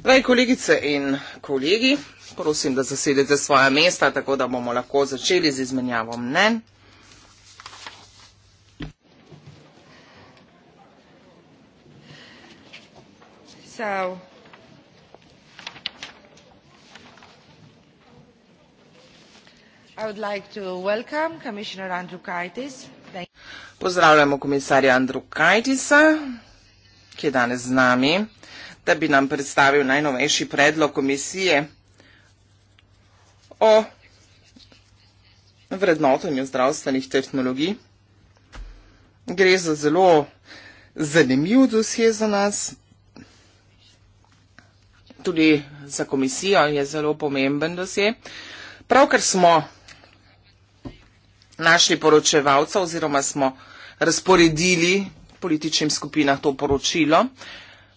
Zdaj, kolegice in kolegi, prosim, da zasedete svoje mesta, tako da bomo lahko začeli z izmenjavo mnen. So. I would like to welcome Commissioner Andrew Kaitis Pozdravljamo komisarja Andru Kajtisa, ki je danes z nami, da bi nam predstavil najnovejši predlog komisije o vrednotenju zdravstvenih tehnologij. Gre za zelo zanimiv dosje za nas. Tudi za komisijo je zelo pomemben dosje. Pravkar smo našli poročevalca oziroma smo razporedili političnim skupinah to poročilo.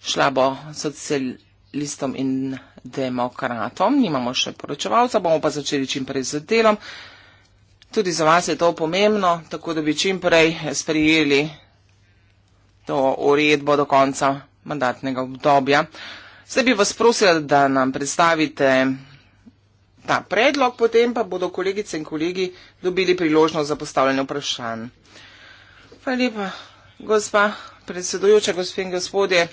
Šla bo socialistom in demokratom, nimamo še poročevalca, bomo pa začeli čim prej z delom. Tudi za vas je to pomembno, tako da bi čim prej sprejeli to uredbo do konca mandatnega obdobja. Zdaj bi vas prosila, da nam predstavite ta predlog, potem pa bodo kolegice in kolegi dobili priložnost za postavljanje vprašanj. Hvala lepa, gospa predsedujoča, gospe in gospodje.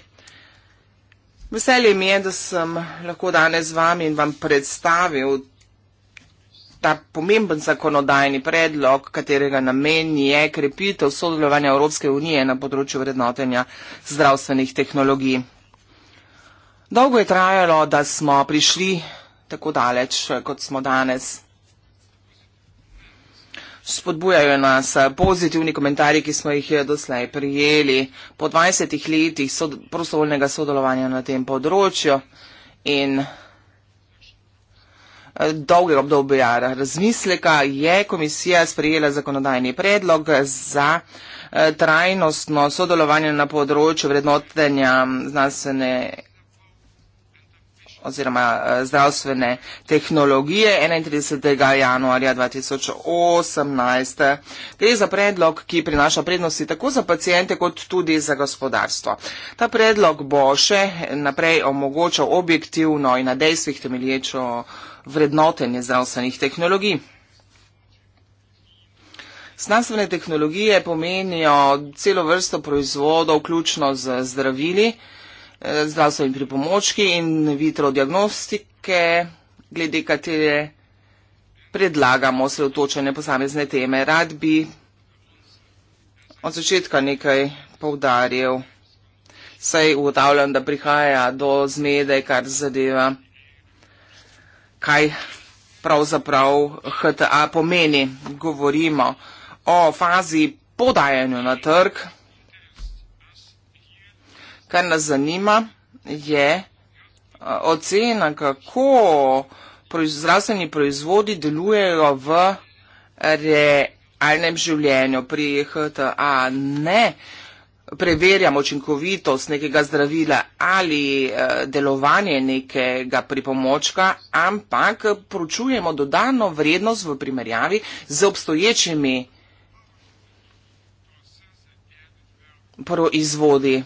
Veselje mi je, da sem lahko danes z vami in vam predstavil ta pomemben zakonodajni predlog, katerega namen je krepitev sodelovanja Evropske unije na področju vrednotenja zdravstvenih tehnologij. Dolgo je trajalo, da smo prišli tako daleč, kot smo danes. Spodbujajo nas eh, pozitivni komentarji, ki smo jih eh, doslej prijeli po 20 letih sod prostovoljnega sodelovanja na tem področju in eh, dolge obdobja razmisleka je komisija sprejela zakonodajni predlog za trajnostno sodelovanje na področju vrednotenja znanstvene oziroma eh, zdravstvene tehnologije 31. januarja 2018. Gre za predlog, ki prinaša prednosti tako za pacijente kot tudi za gospodarstvo. Ta predlog bo še naprej omogočal objektivno in na dejstvih temelječo vrednotenje zdravstvenih tehnologij. Znanstvene tehnologije pomenijo celo vrsto proizvodov, vključno z zdravili zdravstveni pripomočki in vitro diagnostike, glede katere predlagamo sreotočene posamezne teme. Rad bi od začetka nekaj povdarjev, saj ugotavljam, da prihaja do zmede, kar zadeva, kaj pravzaprav HTA pomeni. Govorimo o fazi podajanju na trg kar nas zanima, je ocena, kako zdravstveni proizvodi delujejo v realnem življenju pri HTA. Ne preverjamo učinkovitost nekega zdravila ali delovanje nekega pripomočka, ampak pročujemo dodano vrednost v primerjavi z obstoječimi proizvodi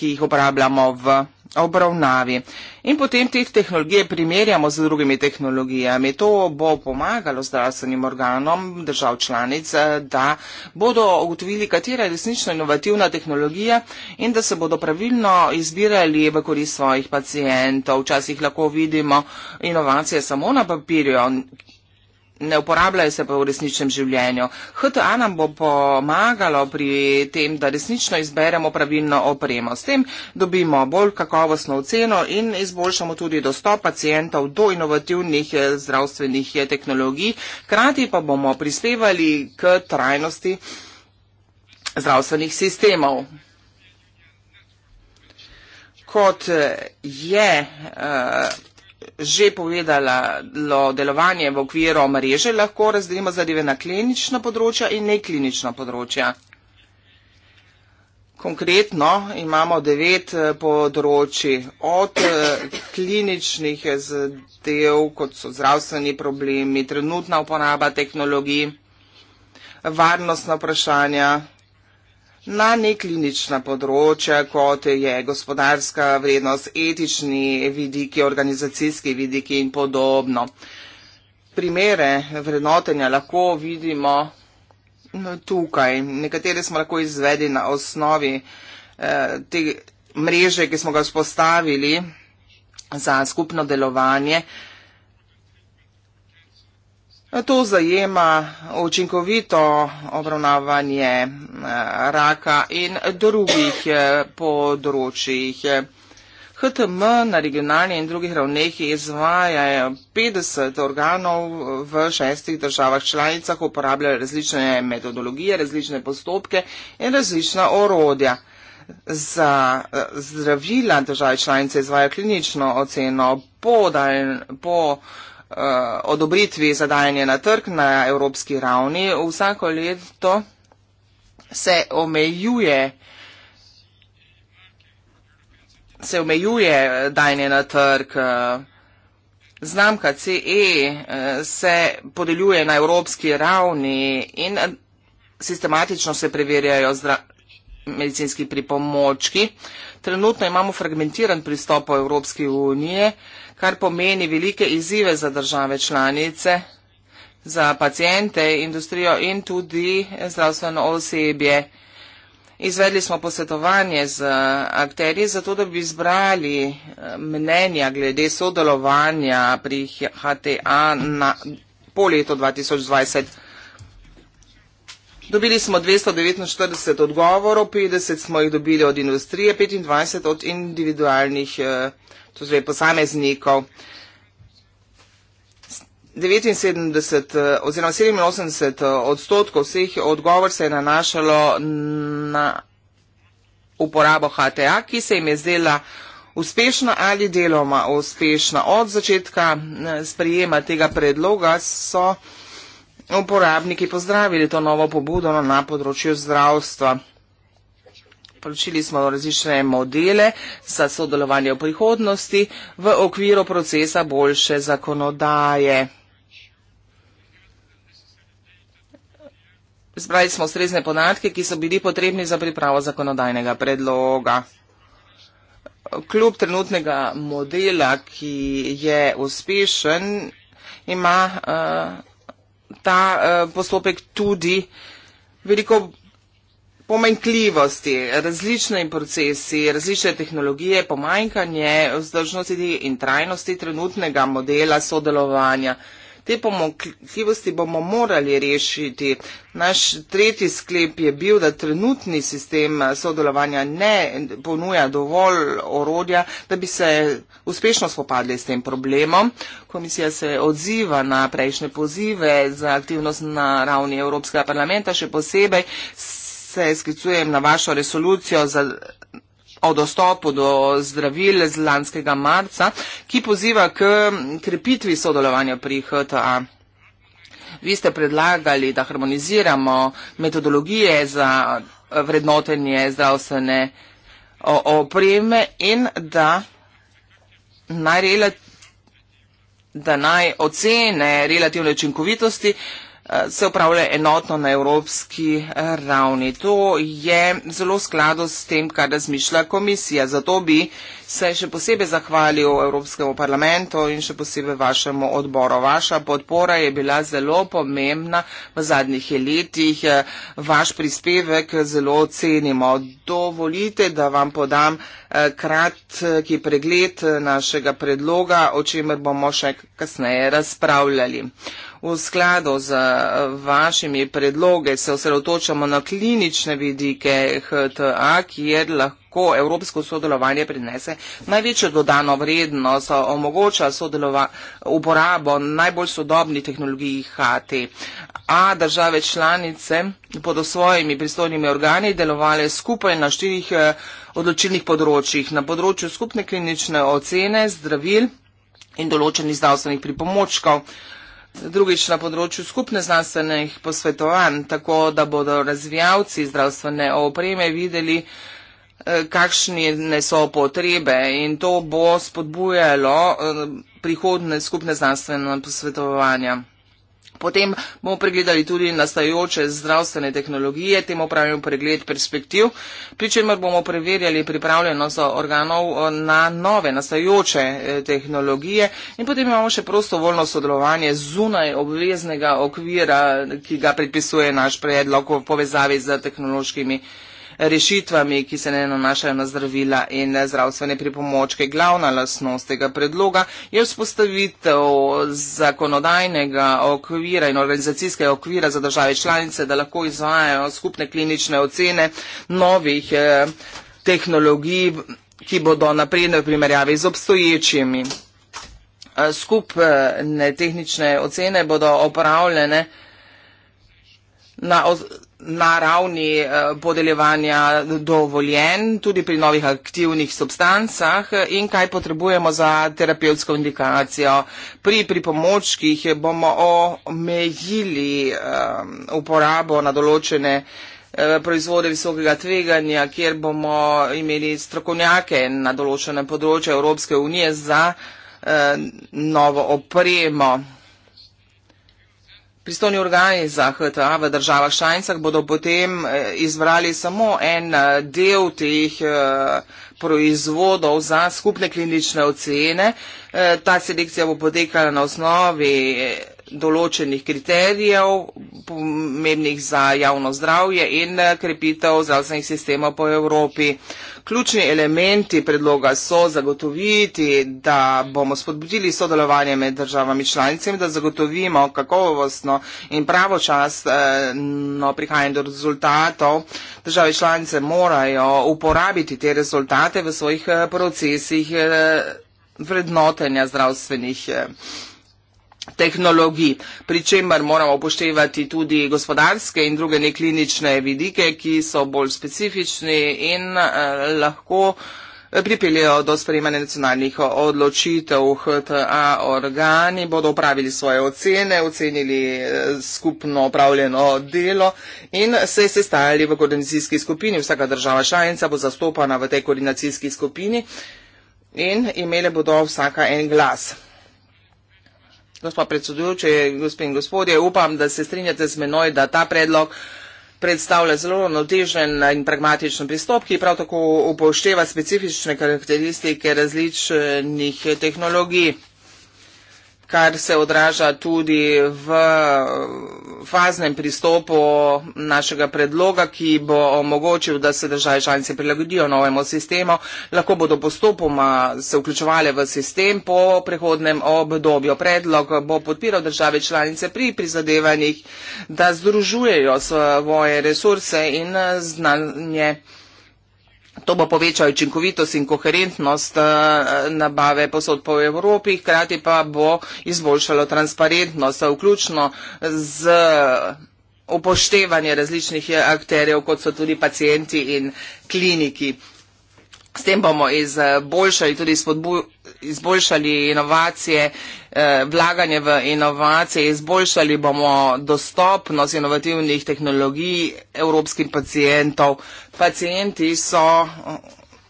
ki jih uporabljamo v obravnavi. In potem te tehnologije primerjamo z drugimi tehnologijami. To bo pomagalo zdravstvenim organom držav članic, da bodo ugotovili, katera je resnično inovativna tehnologija in da se bodo pravilno izbirali v korist svojih pacijentov. Včasih lahko vidimo inovacije samo na papirju ne uporabljajo se pa v resničnem življenju. HTA nam bo pomagalo pri tem, da resnično izberemo pravilno opremo. S tem dobimo bolj kakovostno oceno in izboljšamo tudi dostop pacijentov do inovativnih eh, zdravstvenih eh, tehnologij. Krati pa bomo prispevali k trajnosti zdravstvenih sistemov. Kot eh, je uh, že povedala, lo, delovanje v okviru mreže lahko razdelimo zadeve na klinična področja in neklinična področja. Konkretno imamo devet eh, področji od eh, kliničnih zadev, kot so zdravstveni problemi, trenutna uporaba tehnologij, varnostna vprašanja, na neklinična področja, kot je gospodarska vrednost, etični vidiki, organizacijski vidiki in podobno. Primere vrednotenja lahko vidimo no, tukaj. Nekatere smo lahko izvedli na osnovi eh, te mreže, ki smo ga spostavili za skupno delovanje To zajema učinkovito obravnavanje eh, raka in drugih eh, področjih. HTM na regionalni in drugih ravneh izvaja 50 organov v šestih državah članicah, uporabljajo različne metodologije, različne postopke in različna orodja. Za eh, zdravila države članice izvaja klinično oceno po, dal, po uh, Eh, odobritvi za dajanje na trg na evropski ravni. Vsako leto se omejuje, se omejuje dajanje na trg. Znamka CE eh, se podeljuje na evropski ravni in sistematično se preverjajo medicinski pripomočki. Trenutno imamo fragmentiran pristop v Evropski uniji, kar pomeni velike izzive za države članice, za pacijente, industrijo in tudi zdravstveno osebje. Izvedli smo posvetovanje z akterji, zato da bi izbrali eh, mnenja glede sodelovanja pri HTA na, po letu 2020. Dobili smo 249 odgovorov, 50 smo jih dobili od industrije, 25 od individualnih eh, tudi, posameznikov. 79 eh, oziroma 87 eh, odstotkov vseh odgovor se je nanašalo na uporabo HTA, ki se jim je zdela uspešna ali deloma uspešna. Od začetka sprejema tega predloga so uporabniki pozdravili to novo pobudo na področju zdravstva. Poročili smo različne modele za sodelovanje v prihodnosti v okviru procesa boljše zakonodaje. Zbrali smo srezne podatke, ki so bili potrebni za pripravo zakonodajnega predloga. Kljub trenutnega modela, ki je uspešen, ima uh, ta uh, postopek tudi veliko pomenkljivosti, različni procesi, različne tehnologije, pomanjkanje vzdržnosti in trajnosti trenutnega modela sodelovanja. Uh, Te pomankljivosti bomo morali rešiti. Naš tretji sklep je bil, da trenutni sistem sodelovanja ne ponuja dovolj orodja, da bi se uspešno spopadli s tem problemom. Komisija se odziva na prejšnje pozive za aktivnost na ravni Evropskega parlamenta, še posebej se sklicujem na vašo resolucijo za o dostopu do zdravil z lanskega marca, ki poziva k krepitvi sodelovanja pri HTA. Vi ste predlagali, da harmoniziramo metodologije za vrednotenje zdravstvene opreme in da naj, rela, da naj ocene relativne učinkovitosti uh, se upravlja enotno na evropski eh, ravni. To je zelo skladno s tem, kar razmišlja komisija. Zato bi se še posebej zahvalil Evropskemu parlamentu in še posebej vašemu odboru. Vaša podpora je bila zelo pomembna v zadnjih letih. Eh, vaš prispevek zelo cenimo. Dovolite, da vam podam eh, kratki pregled našega predloga, o čemer bomo še kasneje razpravljali. V skladu z eh, vašimi predloge se osredotočamo na klinične vidike HTA, kjer lahko evropsko sodelovanje prinese največjo dodano vrednost, eh, omogoča uporabo najbolj sodobnih tehnologij HT. A države članice pod svojimi pristojnimi organi delovale skupaj na štirih eh, odločilnih področjih. Na področju skupne klinične ocene, zdravil in določenih zdravstvenih pripomočkov. Drugič, na področju skupne znanstvenih posvetovanj, tako da bodo razvijalci zdravstvene opreme videli, eh, kakšne so potrebe in to bo spodbujalo eh, prihodne skupne znanstvene posvetovanja. Potem bomo pregledali tudi nastajajoče zdravstvene tehnologije, temu pravimo pregled perspektiv, pri čemer bomo preverjali pripravljenost organov eh, na nove nastajajoče eh, tehnologije in potem imamo še prostovoljno sodelovanje zunaj obveznega okvira, ki ga predpisuje naš predlog v povezavi z tehnološkimi tehnologijami rešitvami, ki se ne nanašajo na zdravila in zdravstvene pripomočke. Glavna lasnost tega predloga je vzpostavitev zakonodajnega okvira in organizacijskega okvira za države članice, da lahko izvajajo skupne klinične ocene novih eh, tehnologij, ki bodo napredne v primerjavi z obstoječimi. Eh, skupne tehnične ocene bodo opravljene na na ravni eh, podeljevanja dovoljen, tudi pri novih aktivnih substancah eh, in kaj potrebujemo za terapevtsko indikacijo. Pri pripomočkih bomo omejili eh, uporabo na določene proizvode visokega tveganja, kjer bomo imeli strokovnjake na določene področje Evropske unije za novo opremo. Pristovni organi za HTA v državah šajncah bodo potem eh, izbrali samo en eh, del teh eh, proizvodov za skupne klinične ocene. Ta selekcija bo potekala na osnovi določenih kriterijev, pomembnih za javno zdravje in eh, krepitev zdravstvenih sistemov po Evropi. Ključni elementi predloga so zagotoviti, da bomo spodbudili sodelovanje med državami članicami, da zagotovimo kakovostno in pravočasno eh, prihajanje do rezultatov. Države članice morajo uporabiti te rezultate v svojih eh, procesih vrednotenja zdravstvenih tehnologij, pri čemer moramo upoštevati tudi gospodarske in druge neklinične vidike, ki so bolj specifični in eh, lahko eh, pripeljejo do sprejemanja nacionalnih eh, odločitev. HTA organi bodo upravili svoje ocene, ocenili eh, skupno upravljeno delo in se sestajali v koordinacijski skupini. Vsaka država članica bo zastopana v tej koordinacijski skupini in imele bodo vsaka en glas. Gospod predsedujoče, gospe in gospodje, upam, da se strinjate z menoj, da ta predlog predstavlja zelo navtežen in pragmatičen pristop, ki prav tako upošteva specifične karakteristike različnih tehnologij kar se odraža tudi v faznem pristopu našega predloga, ki bo omogočil, da se države članice prilagodijo novemu sistemu, lahko bodo postopoma se vključevali v sistem po prehodnem obdobju. Predlog bo podpiral države članice pri prizadevanjih, da združujejo svoje resurse in znanje. To bo povečal učinkovitost in koherentnost eh, nabave posod po Evropi, hkrati pa bo izboljšalo transparentnost, vključno z upoštevanje različnih eh, akterjev, kot so tudi pacijenti in kliniki. S tem bomo izboljšali tudi spodbujanje izboljšali inovacije, eh, vlaganje v inovacije, izboljšali bomo dostopnost inovativnih tehnologij evropskim pacijentov. Pacijenti so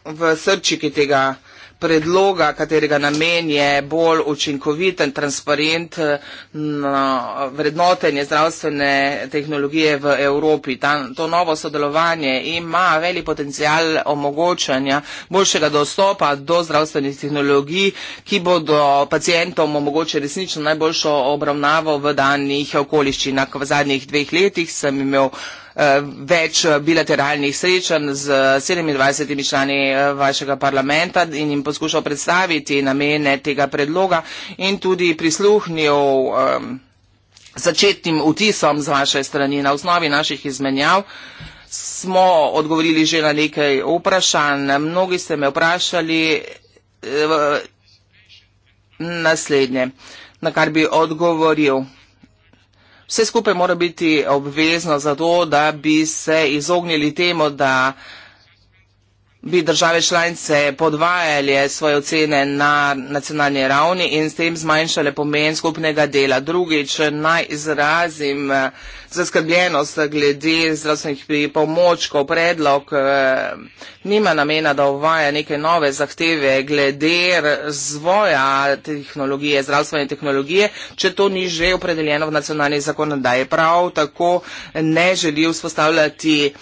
v srčiki tega predloga, katerega namen je bolj učinkoviten, transparentno eh, vrednotenje zdravstvene tehnologije v Evropi. Ta, to novo sodelovanje ima veli potencial omogočanja boljšega dostopa do zdravstvenih tehnologij, ki bodo pacijentom omogočili resnično najboljšo obravnavo v danih okoliščinah. V zadnjih dveh letih sem imel Eh, več eh, bilateralnih srečanj z 27 člani eh, vašega parlamenta in jim poskušal predstaviti namene tega predloga in tudi prisluhnil začetnim vtisom z vaše strani na osnovi naših izmenjav. Smo odgovorili že na nekaj vprašanj. Mnogi ste me vprašali naslednje, na kar bi odgovoril. Vse skupaj mora biti obvezno za to, da bi se izognili temu, da bi države članice podvajali svoje ocene na nacionalni ravni in s tem zmanjšale pomen skupnega dela. Drugič, naj izrazim eh, zaskrbljenost glede zdravstvenih pripomočkov. Predlog eh, nima namena, da uvaja neke nove zahteve glede razvoja tehnologije, zdravstvene tehnologije, če to ni že opredeljeno v nacionalni zakonodaji. Prav tako ne želi vzpostavljati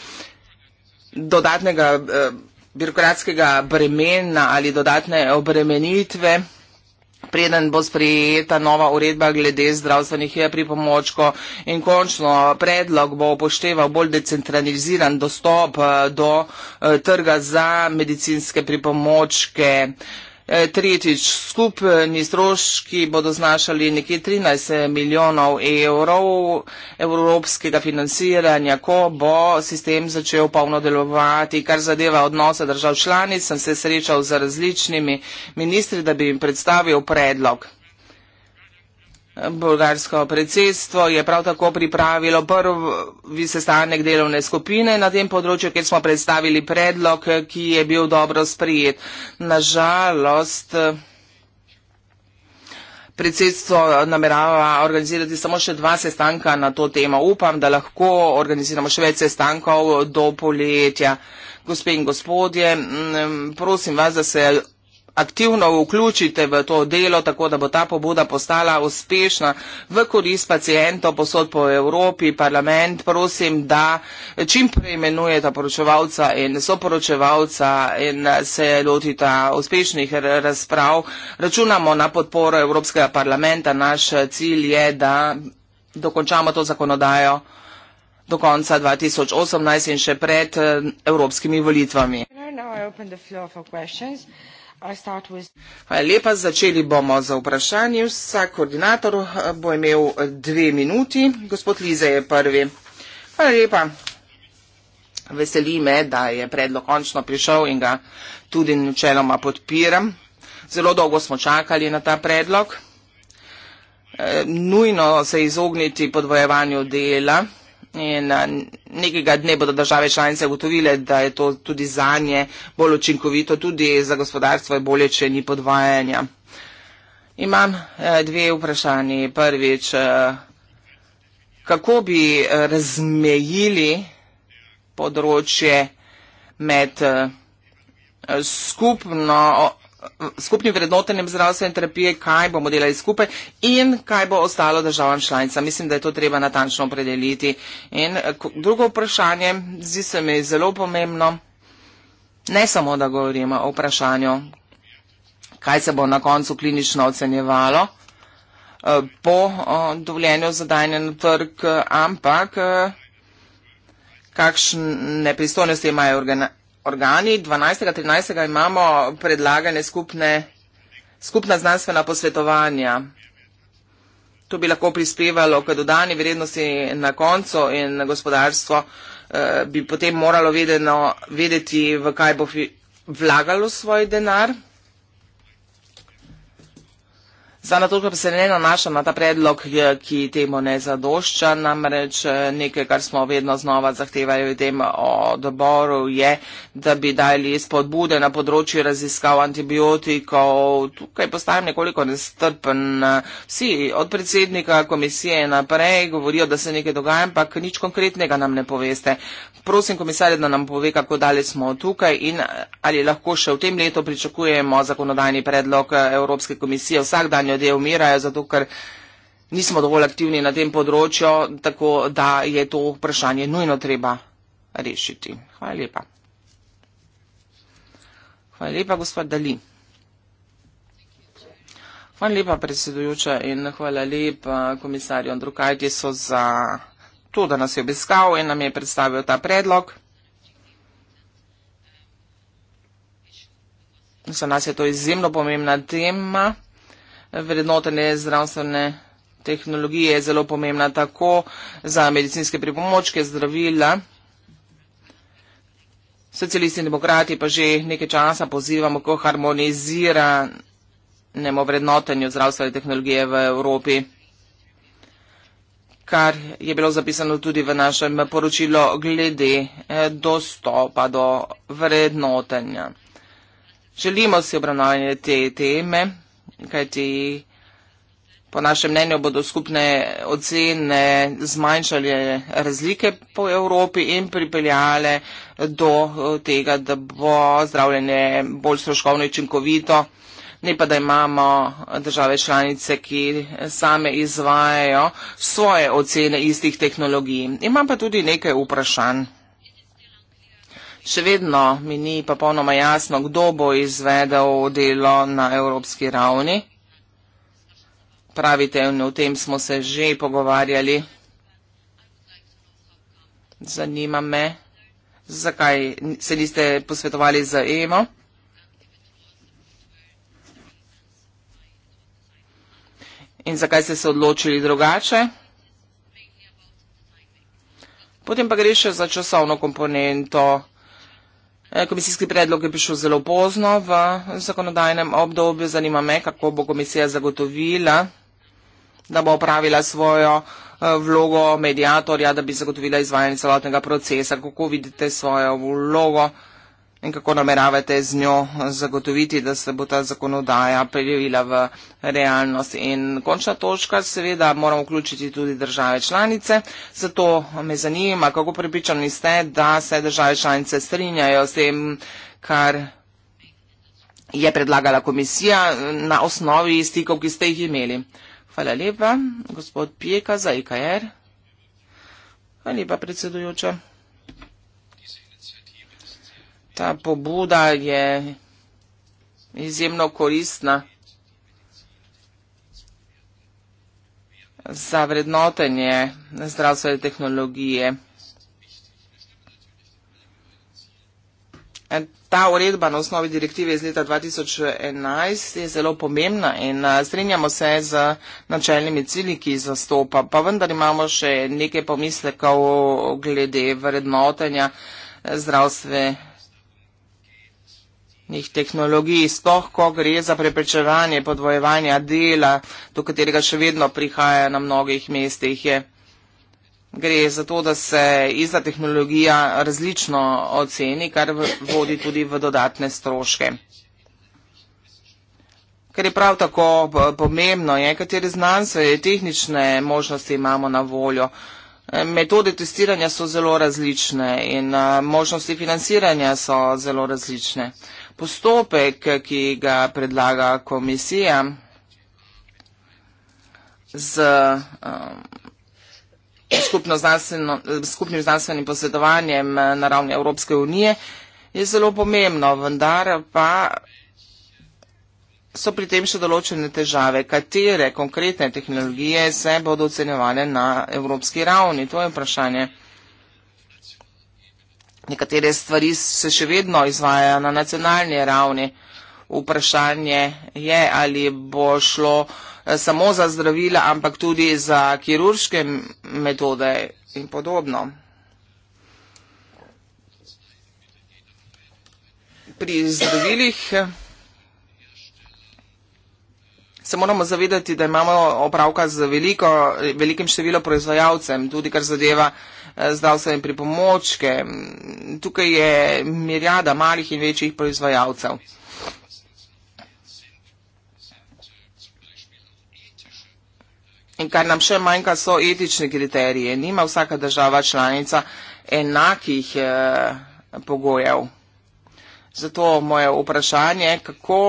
dodatnega eh, birokratskega bremena ali dodatne obremenitve. Preden bo sprejeta nova uredba glede zdravstvenih pripomočko in končno predlog bo upošteval bolj decentraliziran dostop eh, do eh, trga za medicinske pripomočke. Eh, tretjič, skupni stroški bodo znašali nekje 13 milijonov evrov evropskega financiranja, ko bo sistem začel polno delovati. Kar zadeva odnose držav članic, sem se srečal z različnimi ministri, da bi jim predstavil predlog. Bolgarsko predsedstvo je prav tako pripravilo prvi sestanek delovne skupine na tem področju, kjer smo predstavili predlog, ki je bil dobro sprijet. Nažalost, predsedstvo namerava organizirati samo še dva sestanka na to temo. Upam, da lahko organiziramo še več sestankov do poletja. Gospe in gospodje, prosim vas, da se aktivno vključite v to delo, tako da bo ta pobuda postala uspešna v korist pacijentov posod po Evropi, parlament, prosim, da čim preimenujeta poročevalca in soporočevalca in se lotita uspešnih razprav. Računamo na podporo Evropskega parlamenta. Naš cilj je, da dokončamo to zakonodajo do konca 2018 in še pred eh, evropskimi volitvami. No, no, Hvala lepa. Začeli bomo za vprašanje. Vsak koordinator eh, bo imel dve minuti. Gospod Lize je prvi. Hvala lepa. Veseli me, da je predlog končno prišel in ga tudi načeloma podpiram. Zelo dolgo smo čakali na ta predlog. E, nujno se izogniti podvojevanju dela in eh, nekega dne bodo države članice ugotovile, da je to tudi zanje bolj učinkovito, tudi za gospodarstvo je bolje, če ni podvajanja. Imam eh, dve vprašanje. Prvič, eh, kako bi razmejili področje med skupno skupnim vrednotenjem zdravstva in terapije, kaj bomo delali skupaj in kaj bo ostalo državam članicam. Mislim, da je to treba natančno opredeliti. In eh, drugo vprašanje, zdi se mi zelo pomembno, ne samo, da govorimo o vprašanju, kaj se bo na koncu klinično ocenjevalo eh, po eh, dovoljenju za dajanje na trg, ampak kakšne pristojnosti imajo organizacije organi. 12. in 13. imamo predlagane skupne, skupna znanstvena posvetovanja. To bi lahko prispevalo k dodani vrednosti na koncu in gospodarstvo eh, bi potem moralo vedeno, vedeti, v kaj bo vlagalo svoj denar. Zdaj, na to, kar se ne nanaša na ta predlog, ki temu ne zadošča, namreč eh, nekaj, kar smo vedno znova zahtevali v tem eh, odboru, je, da bi dali spodbude na področju raziskav antibiotikov. Tukaj postajam nekoliko nestrpen. Eh, vsi od predsednika komisije naprej govorijo, da se nekaj dogaja, ampak nič konkretnega nam ne poveste. Prosim komisarja, da nam pove, kako dalje smo tukaj in ali lahko še v tem letu pričakujemo zakonodajni predlog Evropske komisije vsak dan ljudje umirajo, zato ker nismo dovolj aktivni na tem področju, tako da je to vprašanje nujno treba rešiti. Hvala lepa. Hvala lepa, gospod Dali. Hvala lepa, predsedujoča, in hvala lepa komisarju Andrukajtisu za to, da nas je obiskal in nam je predstavil ta predlog. Za nas je to izjemno pomembna tema vrednotenje zdravstvene tehnologije je zelo pomembna tako za medicinske pripomočke, zdravila. Socialisti in demokrati pa že nekaj časa pozivamo k harmoniziranemu vrednotenju zdravstvene tehnologije v Evropi, kar je bilo zapisano tudi v našem poročilu glede eh, dostopa do vrednotenja. Želimo si obravnavanje te teme kajti po našem mnenju bodo skupne ocene zmanjšale razlike po Evropi in pripeljale do eh, tega, da bo zdravljenje bolj stroškovno in činkovito. Ne pa, da imamo države članice, ki same izvajajo svoje ocene istih tehnologij. Imam pa tudi nekaj vprašanj. Še vedno mi ni pa ponoma jasno, kdo bo izvedel delo na evropski ravni. Pravite, v tem smo se že pogovarjali. Zanima me, zakaj se niste posvetovali za EMO. In zakaj ste se odločili drugače? Potem pa gre še za časovno komponento. Eh, komisijski predlog je prišel zelo pozno v zakonodajnem obdobju. Zanima me, kako bo komisija zagotovila, da bo opravila svojo eh, vlogo medijatorja, da bi zagotovila izvajanje celotnega procesa. Kako vidite svojo vlogo? in kako nameravate z njo zagotoviti, da se bo ta zakonodaja prijavila v realnost. In končna točka, seveda, moramo vključiti tudi države članice. Zato me zanima, kako pripričani ste, da se države članice strinjajo s tem, kar je predlagala komisija na osnovi stikov, ki ste jih imeli. Hvala lepa, gospod Pijeka za IKR. Hvala lepa, predsedujoča ta pobuda je izjemno koristna za vrednotenje zdravstvene tehnologije. Ta uredba na osnovi direktive iz leta 2011 je zelo pomembna in strinjamo se z načeljnimi cilji, ki jih zastopa, pa vendar imamo še nekaj pomislekov glede vrednotenja eh, zdravstve nih tehnologij, sploh ko gre za preprečevanje podvojevanja dela, do katerega še vedno prihaja na mnogih mestih. Je. Gre za to, da se ista tehnologija različno oceni, kar vodi tudi v dodatne stroške. Ker je prav tako pomembno, je, katere znanstvene tehnične možnosti imamo na voljo. Metode testiranja so zelo različne in možnosti financiranja so zelo različne postopek, ki ga predlaga komisija z um, znanstveno, skupnim znanstvenim posvetovanjem na ravni Evropske unije, je zelo pomembno, vendar pa so pri tem še določene težave, katere konkretne tehnologije se bodo ocenjevane na evropski ravni. To je vprašanje. Nekatere stvari se še vedno izvajajo na nacionalni ravni. Vprašanje je, ali bo šlo eh, samo za zdravila, ampak tudi za kirurške metode in podobno. Pri zdravilih. Eh, se moramo zavedati, da imamo opravka z veliko, velikim številom proizvajalcem, tudi kar zadeva eh, zdravstvene pripomočke. Tukaj je mirjada malih in večjih proizvajalcev. In kar nam še manjka, so etični kriterije. Nima vsaka država članica enakih eh, pogojev. Zato moje vprašanje, kako.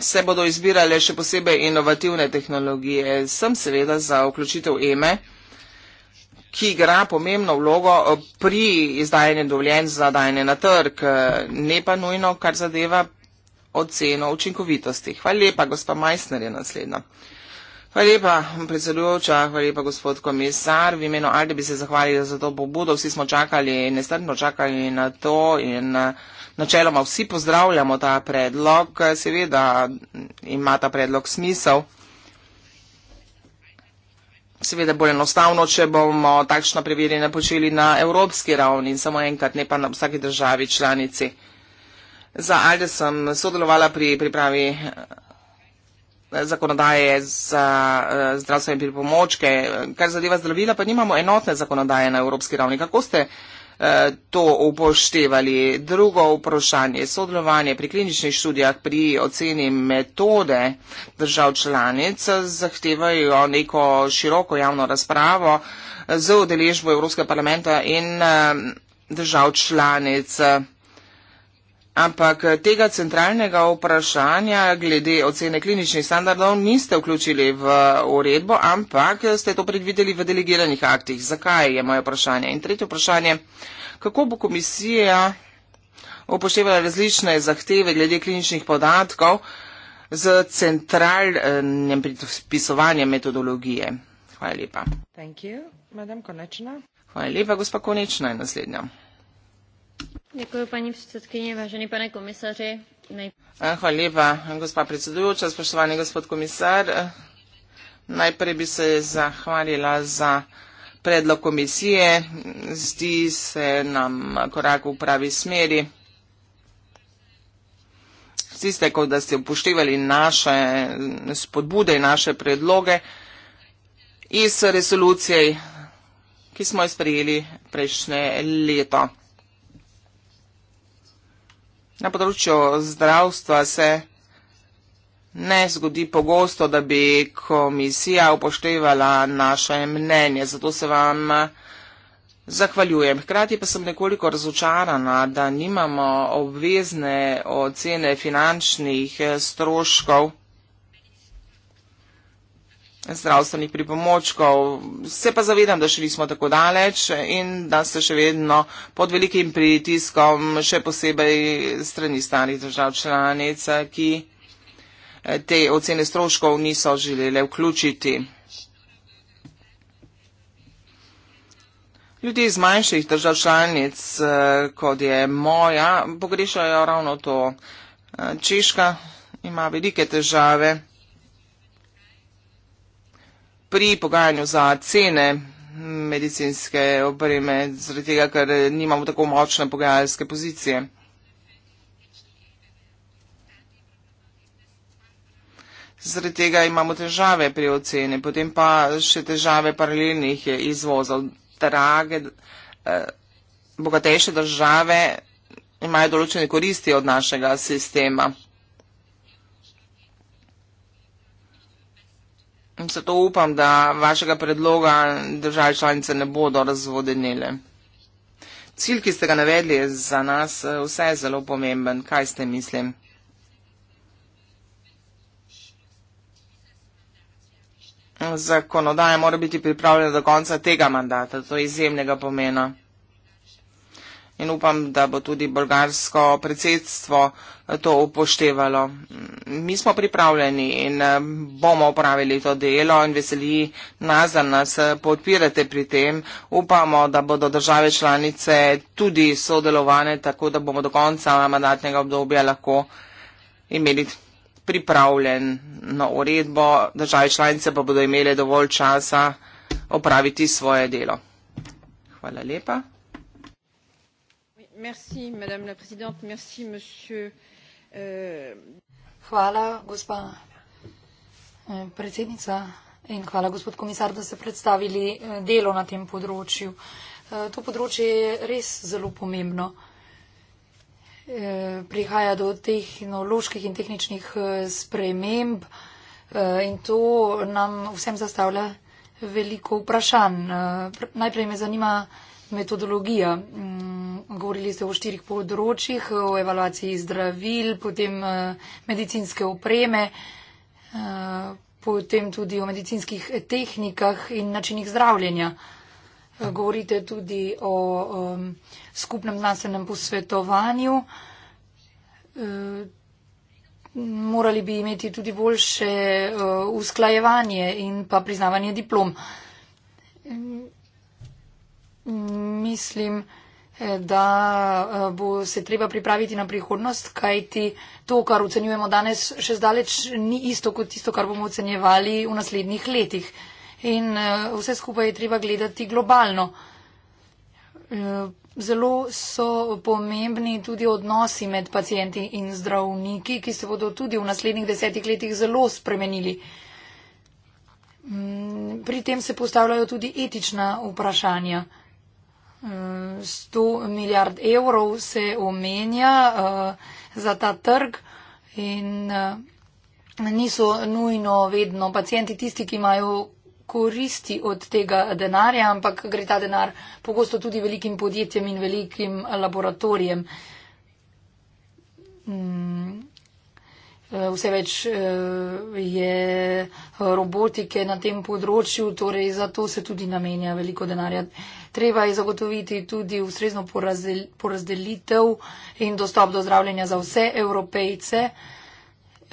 se bodo izbirale še posebej inovativne tehnologije. Sem seveda za vključitev EME, e, ki igra pomembno vlogo pri izdajanju dovoljenj za dajanje na trg, ne pa nujno, kar zadeva oceno učinkovitosti. Hvala lepa, gospa Majsner je naslednja. Hvala lepa, predsedujoča, hvala lepa, gospod komisar. V imenu Alde bi se zahvalili za to pobudo. Vsi smo čakali, nestrpno čakali na to in uh, načeloma vsi pozdravljamo ta predlog, seveda ima ta predlog smisel. Seveda bo enostavno, če bomo takšno preverjanje počeli na evropski ravni in samo enkrat, ne pa na vsaki državi članici. Za Alde sem sodelovala pri pripravi eh, zakonodaje za eh, zdravstvene pripomočke. Kar zadeva zdravila, pa nimamo enotne zakonodaje na evropski ravni. Kako ste Eh, to upoštevali. Drugo vprašanje, sodelovanje pri kliničnih študijah pri oceni metode držav članic zahtevajo neko široko javno razpravo z udeležbo Evropskega parlamenta in eh, držav članic. Ampak eh, tega centralnega vprašanja glede ocene kliničnih standardov niste vključili v eh, uredbo, ampak eh, ste to predvideli v delegiranih aktih. Zakaj je moje vprašanje? In tretje vprašanje, kako bo komisija upoštevala različne zahteve glede kliničnih podatkov z centralnim pripisovanjem metodologije? Hvala lepa. Hvala lepa, gospa Konečna. Je naslednja. Děkuji, paní předsedkyně, vážený pane komisaři. Nej... Hvala lepa, gospa predsedujoča, spoštovani gospod komisar. Najprej bi se zahvalila za predlog komisije. Zdi se nam korak v pravi smeri. Vsi ste, kot da ste upoštevali naše spodbude in naše predloge iz resolucije, ki smo jo sprejeli prejšnje leto na področju zdravstva se ne zgodi pogosto, da bi komisija upoštevala naše mnenje. Zato se vam zahvaljujem. Hkrati pa sem nekoliko razočarana, da nimamo obvezne ocene finančnih stroškov zdravstvenih pripomočkov. Se pa zavedam, da še nismo tako daleč in da se še vedno pod velikim pritiskom, še posebej strani starih držav članic, ki eh, te ocene stroškov niso želele vključiti. Ljudje iz manjših držav članic, eh, kot je moja, pogrešajo ravno to. Eh, Češka ima velike težave pri pogajanju za cene medicinske opreme, zaradi tega, ker nimamo tako močne pogajalske pozicije. Zaradi tega imamo težave pri oceni, potem pa še težave paralelnih izvozov. Drage, eh, bogatejše države imajo določene koristi od našega sistema. Zato upam, da vašega predloga države članice ne bodo razvodenile. Cilj, ki ste ga navedli, je za nas eh, vse zelo pomemben. Kaj ste mislim? Zakonodaja mora biti pripravljena do konca tega mandata. To je izjemnega pomena in upam, da bo tudi bolgarsko predsedstvo eh, to upoštevalo. Mi smo pripravljeni in eh, bomo upravili to delo in veseli nas, da nas eh, podpirate pri tem. Upamo, da bodo države članice tudi sodelovane, tako da bomo do konca mandatnega obdobja lahko imeli pripravljeno uredbo, države članice pa bodo imele dovolj časa opraviti svoje delo. Hvala lepa madame la présidente merci monsieur euh, hvala gospa eh, predsednica in hvala gospod komisar da ste predstavili eh, delo na tem področju eh, to področje je res zelo pomembno prihaja do tehnoloških in tehničnih sprememb in to nam vsem zastavlja veliko vprašanj najprej me zanima metodologija. Mm, govorili ste o štirih področjih, o evaluaciji zdravil, potem eh, medicinske opreme, eh, potem tudi o medicinskih tehnikah in načinih zdravljenja. Eh, govorite tudi o skupnem znanstvenem posvetovanju. Morali bi imeti tudi boljše usklajevanje in pa priznavanje diplom mislim, eh, da eh, bo se treba pripraviti na prihodnost, kajti to, kar ocenjujemo danes, še zdaleč ni isto kot tisto, kar bomo ocenjevali v naslednjih letih. In eh, vse skupaj je treba gledati globalno. Zelo so pomembni tudi odnosi med pacijenti in zdravniki, ki se bodo tudi v naslednjih desetih letih zelo spremenili. Mm, pri tem se postavljajo tudi etična vprašanja. 100 milijard evrov se omenja eh, za ta trg in eh, niso nujno vedno pacijenti tisti, ki imajo koristi od tega denarja, ampak gre ta denar pogosto tudi velikim podjetjem in velikim laboratorijem. Hmm vse več eh, je robotike na tem področju, torej zato se tudi namenja veliko denarja. Treba je zagotoviti tudi ustrezno porazdelitev in dostop do zdravljenja za vse evropejce.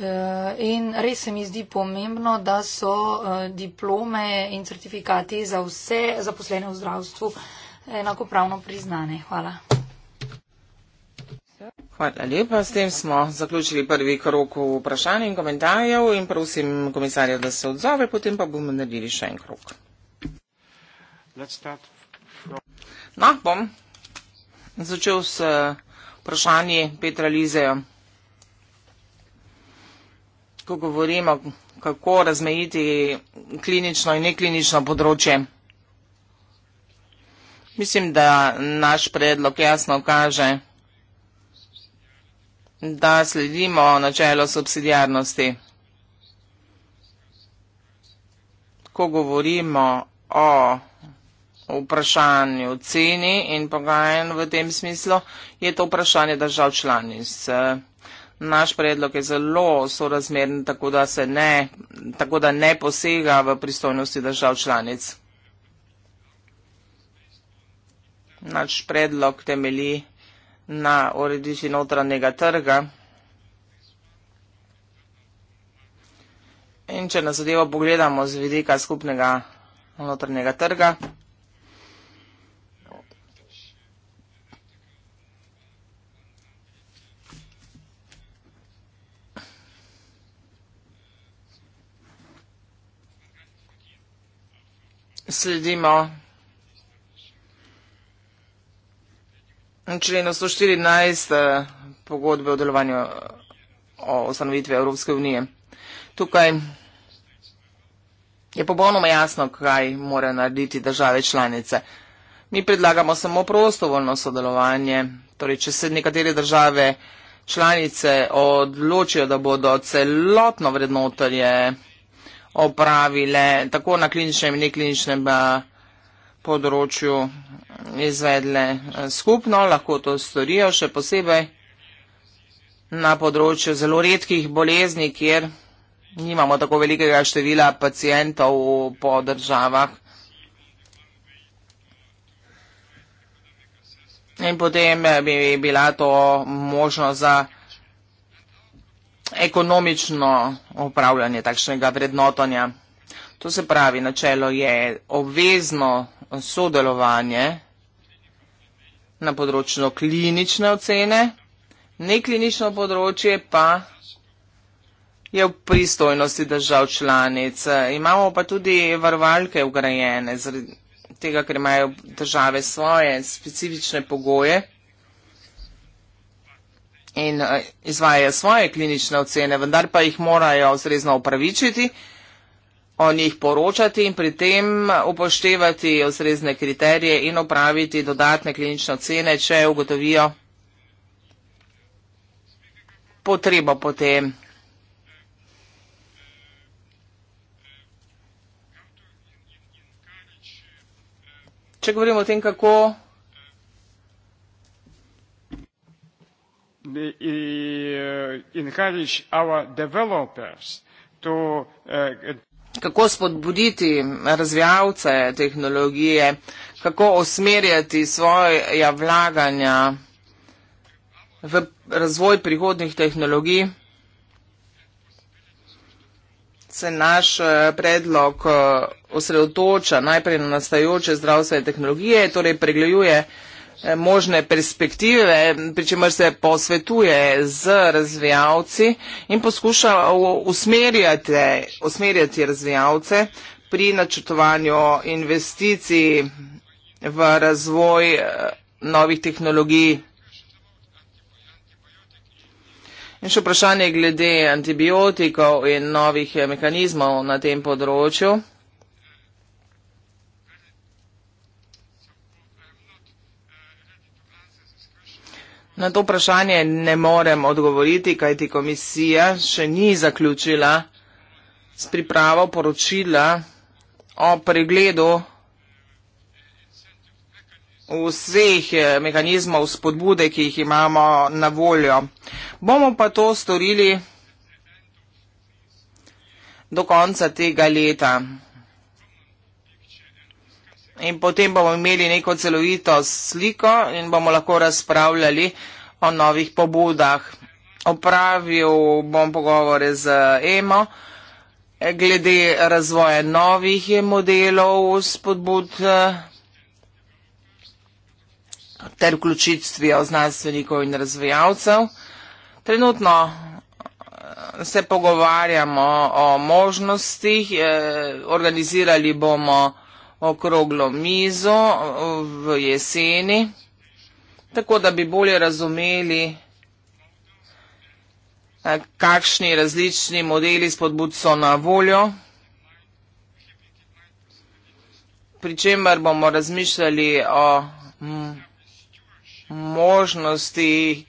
Eh, in res se mi zdi pomembno, da so eh, diplome in certifikati za vse zaposlene v zdravstvu enakopravno priznane. Hvala. Hvala lepa. S tem smo zaključili prvi krok vprašanj in komentarjev in prosim komisarja, da se odzove, potem pa bomo naredili še en krok. No, bom začel s eh, vprašanji Petra Lizeja. Ko govorimo, kako razmejiti klinično in neklinično področje. Mislim, da naš predlog jasno kaže, da je to, da sledimo načelo subsidijarnosti. Ko govorimo o vprašanju ceni in pogajanj v tem smislu, je to vprašanje držav članic. Naš predlog je zelo sorazmeren, tako da, se ne, tako da ne posega v pristojnosti držav članic. Naš predlog temelji na urediši notranjega trga. In če na zadevo pogledamo z vidika skupnega notranjega trga, Sledimo členu 114 eh, pogodbe o delovanju eh, o ustanovitvi Evropske unije. Tukaj je popolnoma jasno, kaj mora narediti države članice. Mi predlagamo samo prostovoljno sodelovanje, torej če se nekatere države članice odločijo, da bodo celotno vrednotelje opravile tako na kliničnem in nekliničnem uh, področju izvedle eh, skupno, lahko to storijo še posebej na področju zelo redkih bolezni, kjer nimamo tako velikega števila pacijentov po državah. In potem eh, bi bila to možno za ekonomično upravljanje takšnega vrednotanja. To se pravi, načelo je obvezno sodelovanje na področju klinične ocene, neklinično področje pa je v pristojnosti držav članic. Imamo pa tudi varovalke ugrajene, tega, ker imajo države svoje specifične pogoje in eh, izvajajo svoje klinične ocene, vendar pa jih morajo srezno upravičiti in o njih poročati in pri tem upoštevati ustrezne kriterije in opraviti dodatne klinične ocene, če ugotovijo potrebo potem. Če govorimo o tem, kako uh, encourage our developers to uh, kako spodbuditi razvijalce tehnologije, kako osmerjati svoje vlaganja v razvoj prihodnih tehnologij. Se naš eh, predlog eh, osredotoča najprej na nastajoče zdravstvene tehnologije, torej pregleduje, možne perspektive, pri čemer se posvetuje z razvijalci in poskuša usmerjati, usmerjati razvijalce pri načrtovanju investicij v razvoj eh, novih tehnologij. In še vprašanje glede antibiotikov in novih eh, mehanizmov na tem področju. Na to vprašanje ne morem odgovoriti, kajti komisija še ni zaključila s pripravo poročila o pregledu vseh eh, mehanizmov spodbude, ki jih imamo na voljo. Bomo pa to storili do konca tega leta in potem bomo imeli neko celovito sliko in bomo lahko razpravljali o novih pobudah. Opravil bom pogovore z EMO glede razvoja novih modelov spodbud ter vključitvijo znanstvenikov in razvijalcev. Trenutno se pogovarjamo o možnostih, eh, organizirali bomo okroglo mizo v jeseni, tako da bi bolje razumeli, eh, kakšni različni modeli spodbud so na voljo, pri čemer bomo razmišljali o možnosti,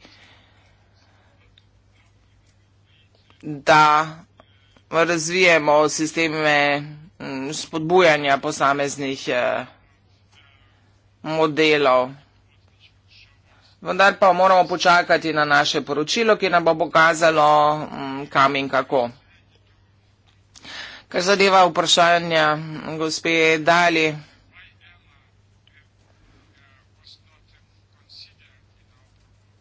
da razvijemo sisteme informacije, Mm, spodbujanja posameznih eh, modelov. Vendar pa moramo počakati na naše poročilo, ki nam bo pokazalo, mm, kam in kako. Kar zadeva vprašanja gospe Dali.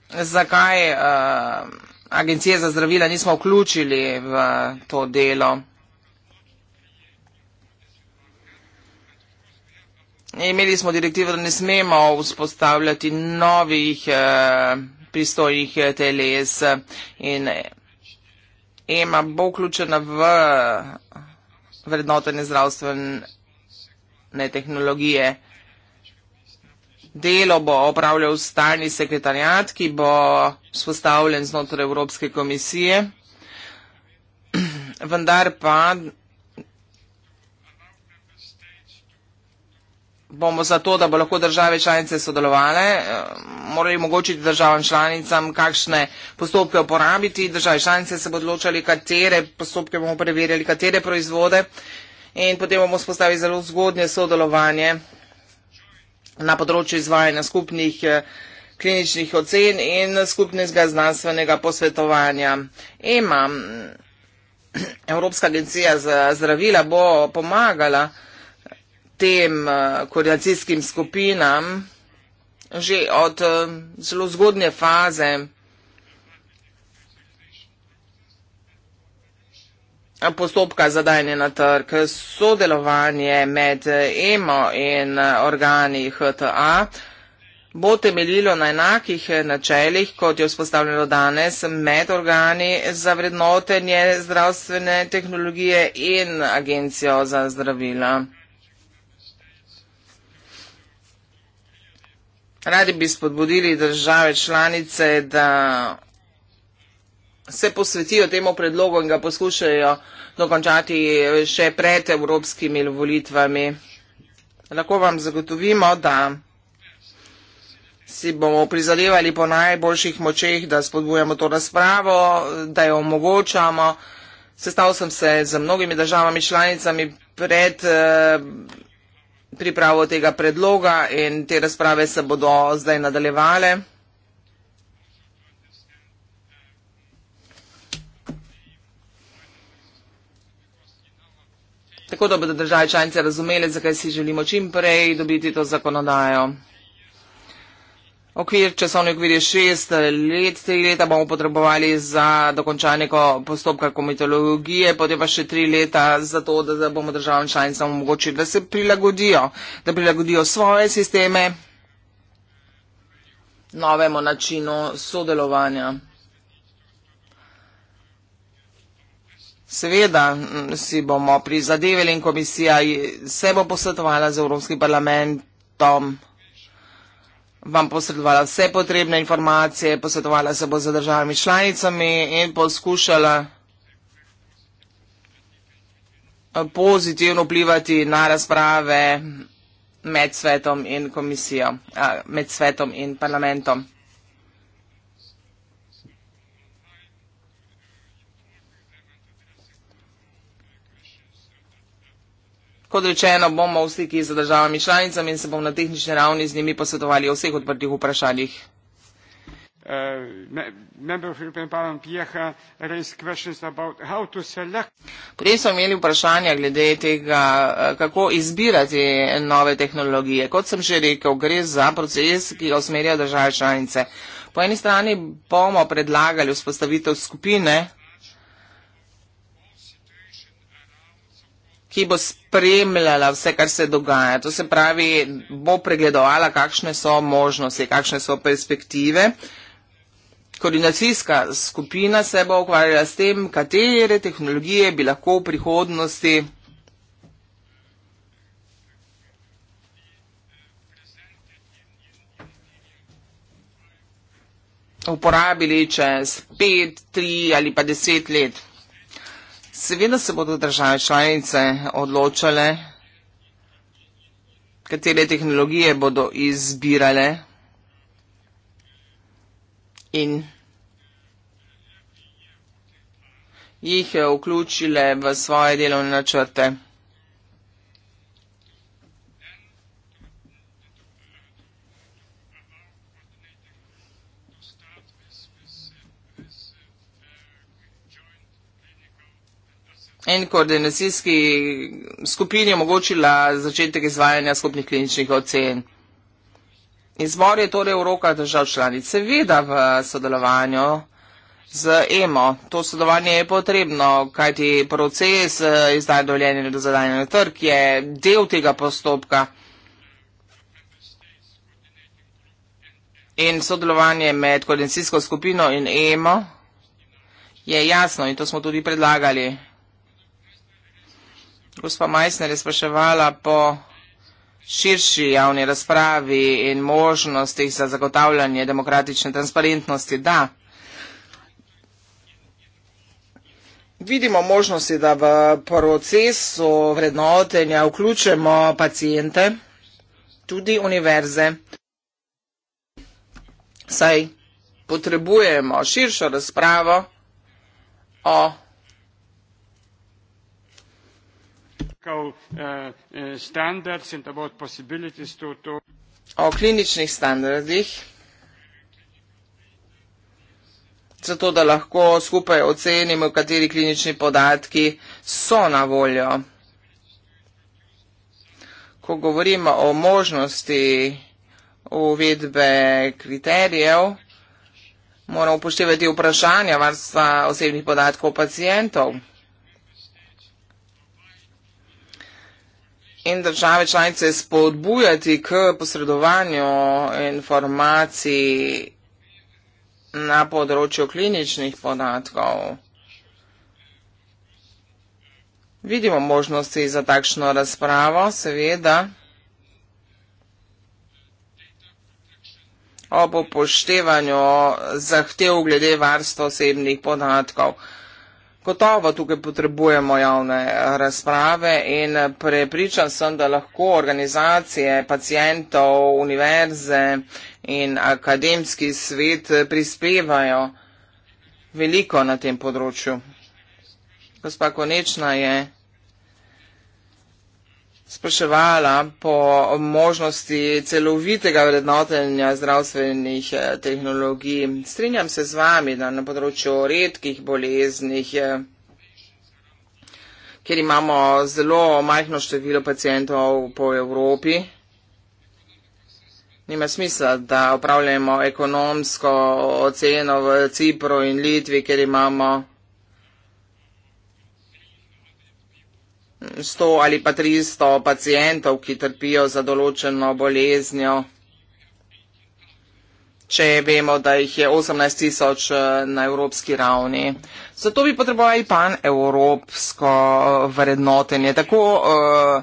Zakaj uh, agencije za zdravila nismo vključili v to delo? imeli smo direktivo, da ne smemo vzpostavljati novih eh, pristojnih eh, teles in EMA bo vključena v vrednotene zdravstvene tehnologije. Delo bo opravljal stalni sekretarjat, ki bo spostavljen znotraj Evropske komisije, vendar pa bomo za to, da bo lahko države članice sodelovale, eh, morali omogočiti državam članicam, kakšne postopke uporabiti. Države članice se bodo odločali, katere postopke bomo preverjali, katere proizvode in potem bomo spostavili zelo zgodnje sodelovanje na področju izvajanja skupnih eh, kliničnih ocen in skupnega znanstvenega posvetovanja. EMA, Evropska agencija za zdravila, bo pomagala tem eh, koordinacijskim skupinam že od eh, zelo zgodnje faze. postopka za dajanje na trg, sodelovanje med EMO eh, e in organi HTA bo temeljilo na enakih načeljih, kot je vzpostavljeno danes med organi za vrednotenje zdravstvene tehnologije in agencijo za zdravila. Radi bi spodbudili države članice, da se posvetijo temu predlogu in ga poskušajo dokončati še pred evropskimi volitvami. Lahko vam zagotovimo, da si bomo prizadevali po najboljših močeh, da spodbujamo to razpravo, da jo omogočamo. Sestal sem se z mnogimi državami članicami pred. Eh, pripravo tega predloga in te razprave se bodo zdaj nadaljevale. Tako da bodo države članice razumeli, zakaj si želimo čim prej dobiti to zakonodajo. Okvir časovni okvir je šest let, tri leta bomo potrebovali za dokončanje postopka komitologije, potem pa še tri leta za to, da bomo državam članicam omogočili, da se prilagodijo, da prilagodijo svoje sisteme novemu načinu sodelovanja. Seveda si bomo prizadevali in komisija se bo posvetovala z Evropskim parlamentom vam posredovala vse potrebne informacije, posvetovala se bo z državami članicami in poskušala eh, pozitivno vplivati na razprave med svetom in komisijo, eh, med svetom in parlamentom. Kot rečeno, bomo v stiki z državami članicami in se bomo na tehnični ravni z njimi posvetovali o vseh odprtih vprašanjih. Uh, Prej smo imeli vprašanja glede tega, eh, kako izbirati nove tehnologije. Kot sem že rekel, gre za proces, ki ga usmerja države članice. Po eni strani bomo predlagali vzpostavitev skupine ki bo spremljala vse, kar se dogaja. To se pravi, bo pregledovala, kakšne so možnosti, kakšne so perspektive. Koordinacijska skupina se bo ukvarjala s tem, katere tehnologije bi lahko v prihodnosti uporabili čez 5, 3 ali pa 10 let. Seveda se bodo države članice odločale, katere tehnologije bodo izbirale in jih vključile v svoje delovne načrte. in koordinacijski skupini omogočila začetek izvajanja skupnih kliničnih ocen. Izbor je torej v rokah držav članic, seveda v sodelovanju z EMO. To sodelovanje je potrebno, kajti proces eh, izdaje dovoljenja za zadanje na trg je del tega postopka. In sodelovanje med koordinacijsko skupino in EMO je jasno in to smo tudi predlagali gospa Majsner je spraševala po širši javni razpravi in možnostih za zagotavljanje demokratične transparentnosti. Da, vidimo možnosti, da v procesu vrednotenja vključujemo pacijente, tudi univerze. Saj potrebujemo širšo razpravo o clinical uh, eh, eh, standards and about possibilities to, to o kliničnih standardih, zato da lahko skupaj ocenimo, kateri klinični podatki so na voljo. Ko govorimo o možnosti uvedbe kriterijev, moramo upoštevati vprašanja varstva osebnih podatkov pacijentov. in države članice spodbujati k posredovanju informacij na področju kliničnih podatkov. Vidimo možnosti za takšno razpravo, seveda. Ob upoštevanju zahtev glede varstva osebnih podatkov. Gotovo tukaj potrebujemo javne eh, razprave in eh, prepričan sem, da lahko organizacije pacijentov, univerze in akademski svet eh, prispevajo veliko na tem področju. Gospa Konečna je spraševala po možnosti celovitega vrednotenja zdravstvenih eh, tehnologij. Strinjam se z vami, da na področju redkih boleznih, eh, kjer imamo zelo majhno število pacijentov po Evropi, Nima smisla, da upravljamo ekonomsko oceno v Cipru in Litvi, ker imamo sto ali pa tristo pacijentov, ki trpijo za določeno boleznjo, če vemo, da jih je 18 tisoč eh, na evropski ravni. Zato bi potrebovali pan evropsko eh, vrednotenje, tako uh,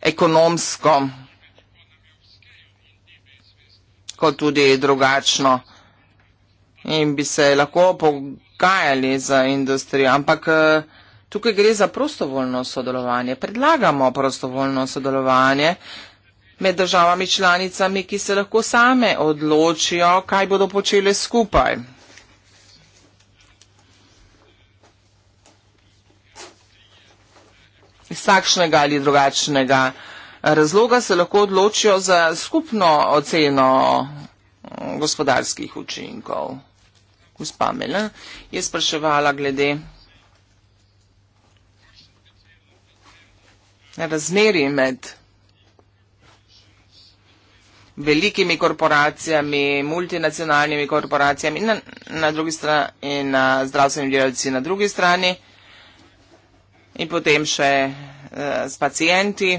ekonomsko kot tudi drugačno. In bi se lahko pogajali za industrijo, ampak uh, Tukaj gre za prostovoljno sodelovanje. Predlagamo prostovoljno sodelovanje med državami članicami, ki se lahko same odločijo, kaj bodo počele skupaj. Iz takšnega ali drugačnega razloga se lahko odločijo za skupno oceno gospodarskih učinkov. Gospa Mela je spraševala glede razmeri med velikimi korporacijami, multinacionalnimi korporacijami na, na drugi strani in na zdravstvenimi delavci na drugi strani in potem še eh, s pacijenti.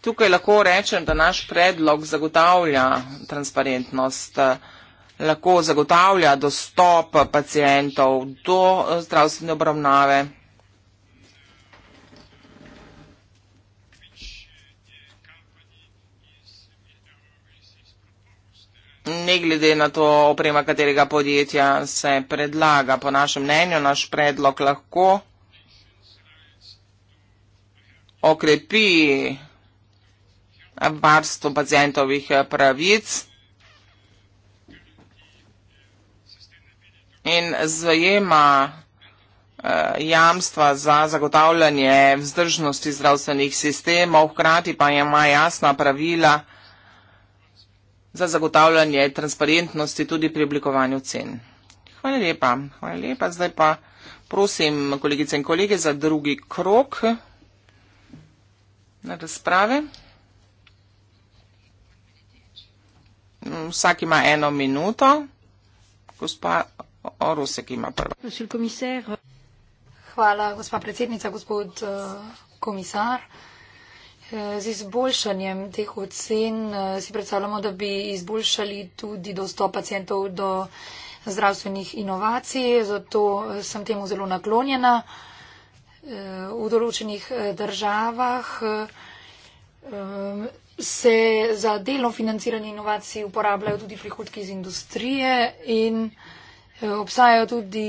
Tukaj lahko rečem, da naš predlog zagotavlja transparentnost, eh, lahko zagotavlja dostop pacijentov do eh, zdravstvene obravnave. ne glede na to oprema, katerega podjetja se predlaga. Po našem mnenju, naš predlog lahko okrepi varstvo pacijentovih eh, pravic in zajema eh, jamstva za zagotavljanje vzdržnosti zdravstvenih sistemov, hkrati pa ima jasna pravila, za zagotavljanje transparentnosti tudi pri oblikovanju cen. Hvala lepa. Hvala lepa. Zdaj pa prosim kolegice in kolege za drugi krok na razprave. Vsak ima eno minuto. Gospa Orosek ima prva. Hvala, gospa predsednica, gospod uh, komisar. Uh, Eh, z izboljšanjem teh ocen eh, si predstavljamo, da bi izboljšali tudi dostop pacijentov do zdravstvenih inovacij, zato eh, sem temu zelo naklonjena. V določenih državah se za delno financiranje inovacij uporabljajo tudi prihodki iz industrije in obstajajo tudi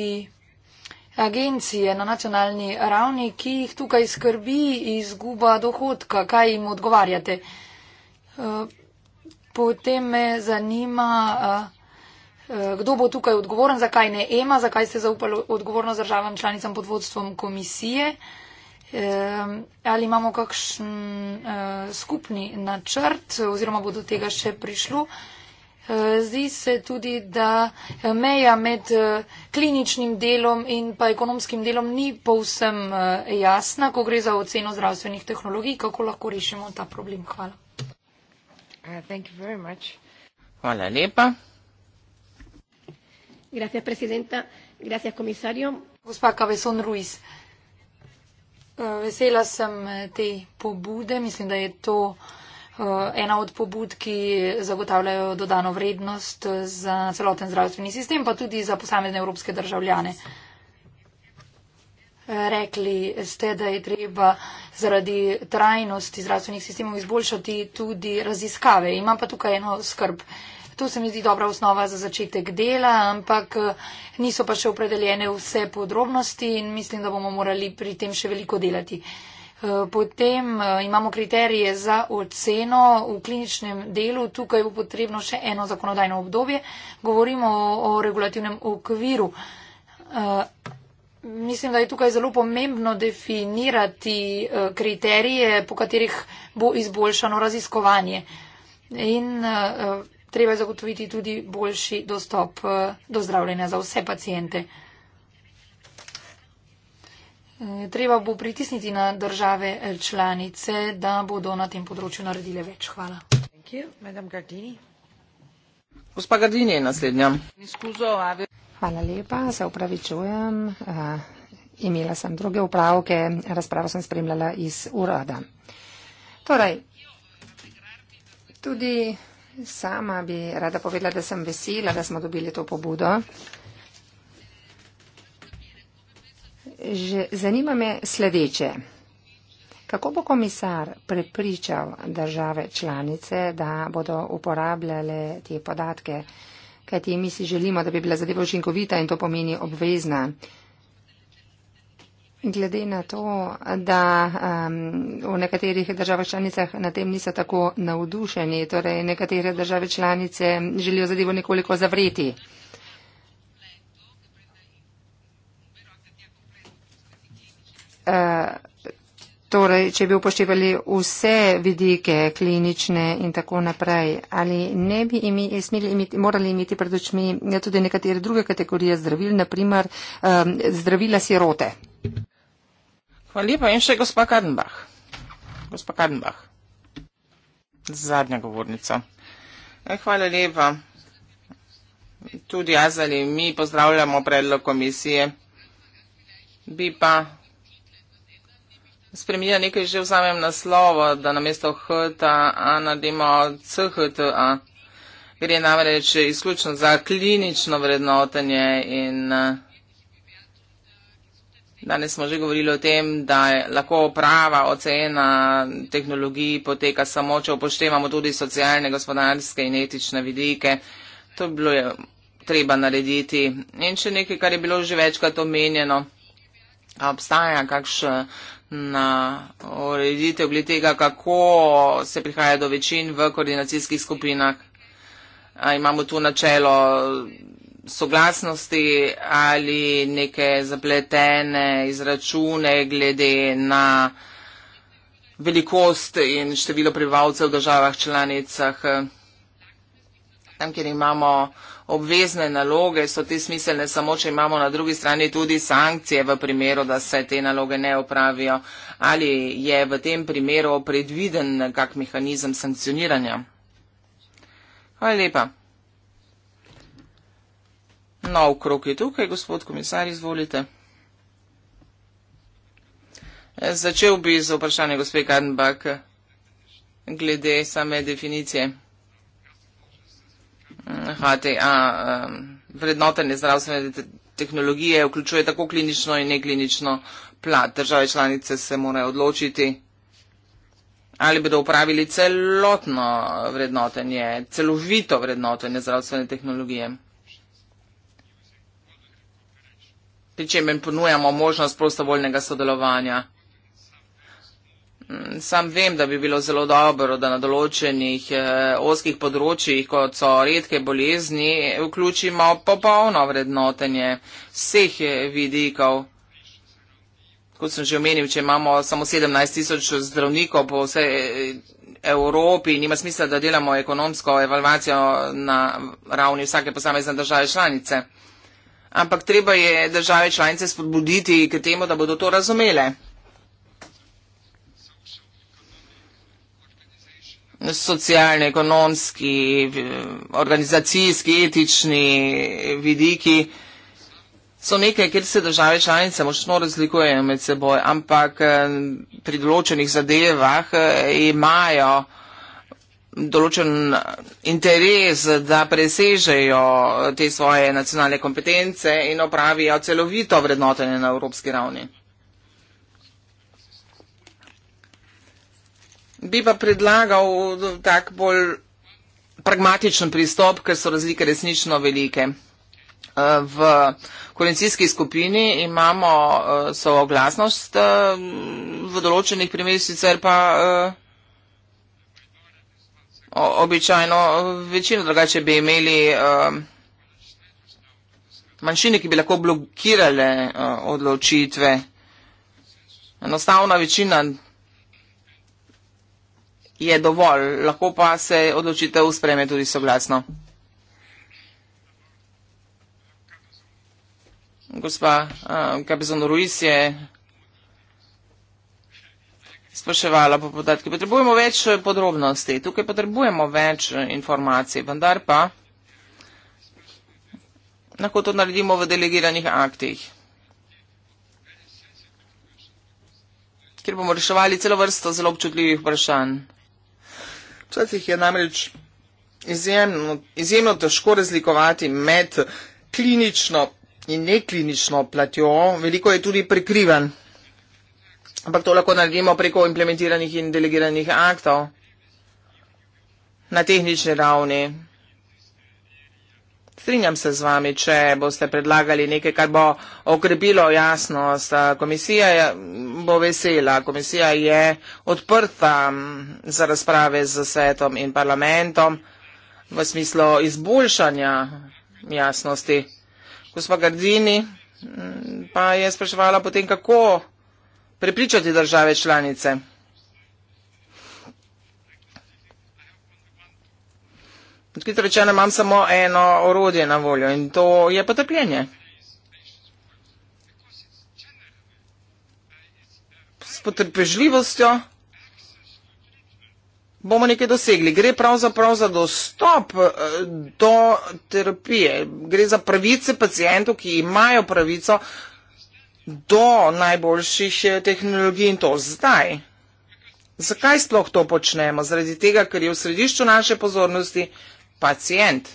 agencije na nacionalni ravni, ki jih tukaj skrbi izguba dohodka, kaj jim odgovarjate. Eh, potem me zanima, eh, eh, kdo bo tukaj odgovoren, zakaj ne EMA, zakaj ste zaupali odgovorno z državam članicam pod vodstvom komisije. Ali imamo kakšen skupni načrt oziroma bo do tega še prišlo? Zdi se tudi, da meja med eh, kliničnim delom in pa ekonomskim delom ni povsem eh, jasna, ko gre za oceno zdravstvenih tehnologij, kako lahko rešimo ta problem. Hvala. Uh, Hvala lepa. Gospa Kaveson Ruiz. Eh, vesela sem te pobude, mislim, da je to. Eh, ena od pobud, ki zagotavljajo dodano vrednost eh, za celoten zdravstveni sistem, pa tudi za posamezne evropske državljane. Eh, rekli ste, da je treba zaradi trajnosti zdravstvenih sistemov izboljšati tudi raziskave. Imam pa tukaj eno skrb. To se mi zdi dobra osnova za začetek dela, ampak niso pa še opredeljene vse podrobnosti in mislim, da bomo morali pri tem še veliko delati. Potem eh, imamo kriterije za oceno v kliničnem delu. Tukaj bo potrebno še eno zakonodajno obdobje. Govorimo o regulativnem okviru. Eh, mislim, da je tukaj zelo pomembno definirati eh, kriterije, po katerih bo izboljšano raziskovanje. In treba je zagotoviti tudi boljši dostop do zdravljenja za vse pacijente. Eh, treba bo pritisniti na države eh, članice, da bodo na tem področju naredile več. Hvala. Gospa Gardini je naslednja. Hvala lepa, se upravičujem. Eh, imela sem druge upravke, razpravo sem spremljala iz urada. Torej, tudi sama bi rada povedala, da sem vesela, da smo dobili to pobudo. zanima me sledeče. Kako bo komisar prepričal države članice, da bodo uporabljale te podatke, kajti mi si želimo, da bi bila zadeva učinkovita in to pomeni obvezna? Glede na to, da um, v nekaterih državah članicah na tem niso tako navdušeni, torej nekatere države članice želijo zadevo nekoliko zavreti. Eh, torej, če bi upoštevali vse vidike klinične in tako naprej, ali ne bi imi, imeti, morali imeti pred očmi ja, tudi nekatere druge kategorije zdravil, naprimer um, zdravila sirote. Hvala lepa in še gospa Kadenbach. Gospa Kadenbach. Zadnja govornica. Eh, hvala lepa. Tudi jaz ali mi pozdravljamo predlog komisije. Bi pa spremenila nekaj že v samem naslovu, da namesto HTA nademo CHTA. Gre namreč izključno za klinično vrednotenje in eh, danes smo že govorili o tem, da lahko prava ocena tehnologij poteka samo, če upoštevamo tudi socialne, gospodarske in etične vidike. To bi bilo eh, treba narediti. In še nekaj, kar je bilo že večkrat omenjeno, obstaja kakšen na ureditev glede tega, kako se prihaja do večin v koordinacijskih skupinah. A imamo tu načelo soglasnosti ali neke zapletene izračune glede na velikost in število prebivalcev v državah članicah. Tam, kjer imamo uh, obvezne naloge, so te smiselne samo, če imamo na drugi strani tudi sankcije v primeru, da se te naloge ne opravijo. Ali je v tem primeru predviden kak mehanizem sankcioniranja? Hvala lepa. No, okrog je tukaj, gospod komisar, izvolite. E, začel bi z vprašanjem gospe Kadenbak glede same definicije. HTA um, vrednotenje zdravstvene tehnologije vključuje tako klinično in neklinično plat. Države članice se morajo odločiti, ali bodo upravili celotno vrednotenje, celovito vrednotenje zdravstvene tehnologije. Pričemer ponujamo možnost prostovoljnega sodelovanja. Mm, sam vem, da bi bilo zelo dobro, da na določenih eh, oskih področjih, kot so redke bolezni, vključimo popolno vrednotenje vseh eh, vidikov. Kot sem že omenil, če imamo samo 17 tisoč zdravnikov po vsej eh, Evropi, nima smisla, da delamo ekonomsko evalvacijo na ravni vsake posamezne države članice. Ampak treba je države članice spodbuditi k temu, da bodo to razumele. socialni, ekonomski, organizacijski, etični vidiki so nekaj, kjer se države članice močno razlikujejo med seboj, ampak eh, pri določenih zadevah eh, imajo določen interes, da presežejo eh, te svoje nacionalne kompetence in opravijo celovito vrednotenje na evropski ravni. Bi pa predlagal tak bolj pragmatičen pristop, ker so razlike resnično velike. Eh, v koalicijski skupini imamo eh, soglasnost eh, v določenih primerih, sicer pa običajno večino, drugače bi imeli manjšine, ki bi lahko blokirale odločitve. Enostavna večina je dovolj, lahko pa se odločitev spreme tudi soglasno. Gospa uh, eh, Kapizon Ruiz je spraševala po podatki. Potrebujemo več podrobnosti, tukaj potrebujemo več informacij, vendar pa lahko to naredimo v delegiranih aktih. Ker bomo reševali celo vrsto zelo občutljivih vprašanj. Včasih je namreč izjemno, izjemno težko razlikovati med klinično in neklinično platjo, veliko je tudi prikriven. Ampak to lahko naredimo preko implementiranih in delegiranih aktov na tehnični ravni. Strinjam se z vami, če boste predlagali nekaj, kar bo okrepilo jasnost. Komisija je, bo vesela. Komisija je odprta za razprave z svetom in parlamentom v smislu izboljšanja jasnosti. Gospa Gardini pa je spraševala potem, kako prepričati države članice. Odkrito rečeno, imam samo eno orodje na voljo in to je potrpljenje. S potrpežljivostjo bomo nekaj dosegli. Gre pravzaprav za dostop eh, do terapije. Gre za pravice pacijentov, ki imajo pravico do najboljših eh, tehnologij in to zdaj. Zakaj sploh to počnemo? Zaradi tega, ker je v središču naše pozornosti pacijent.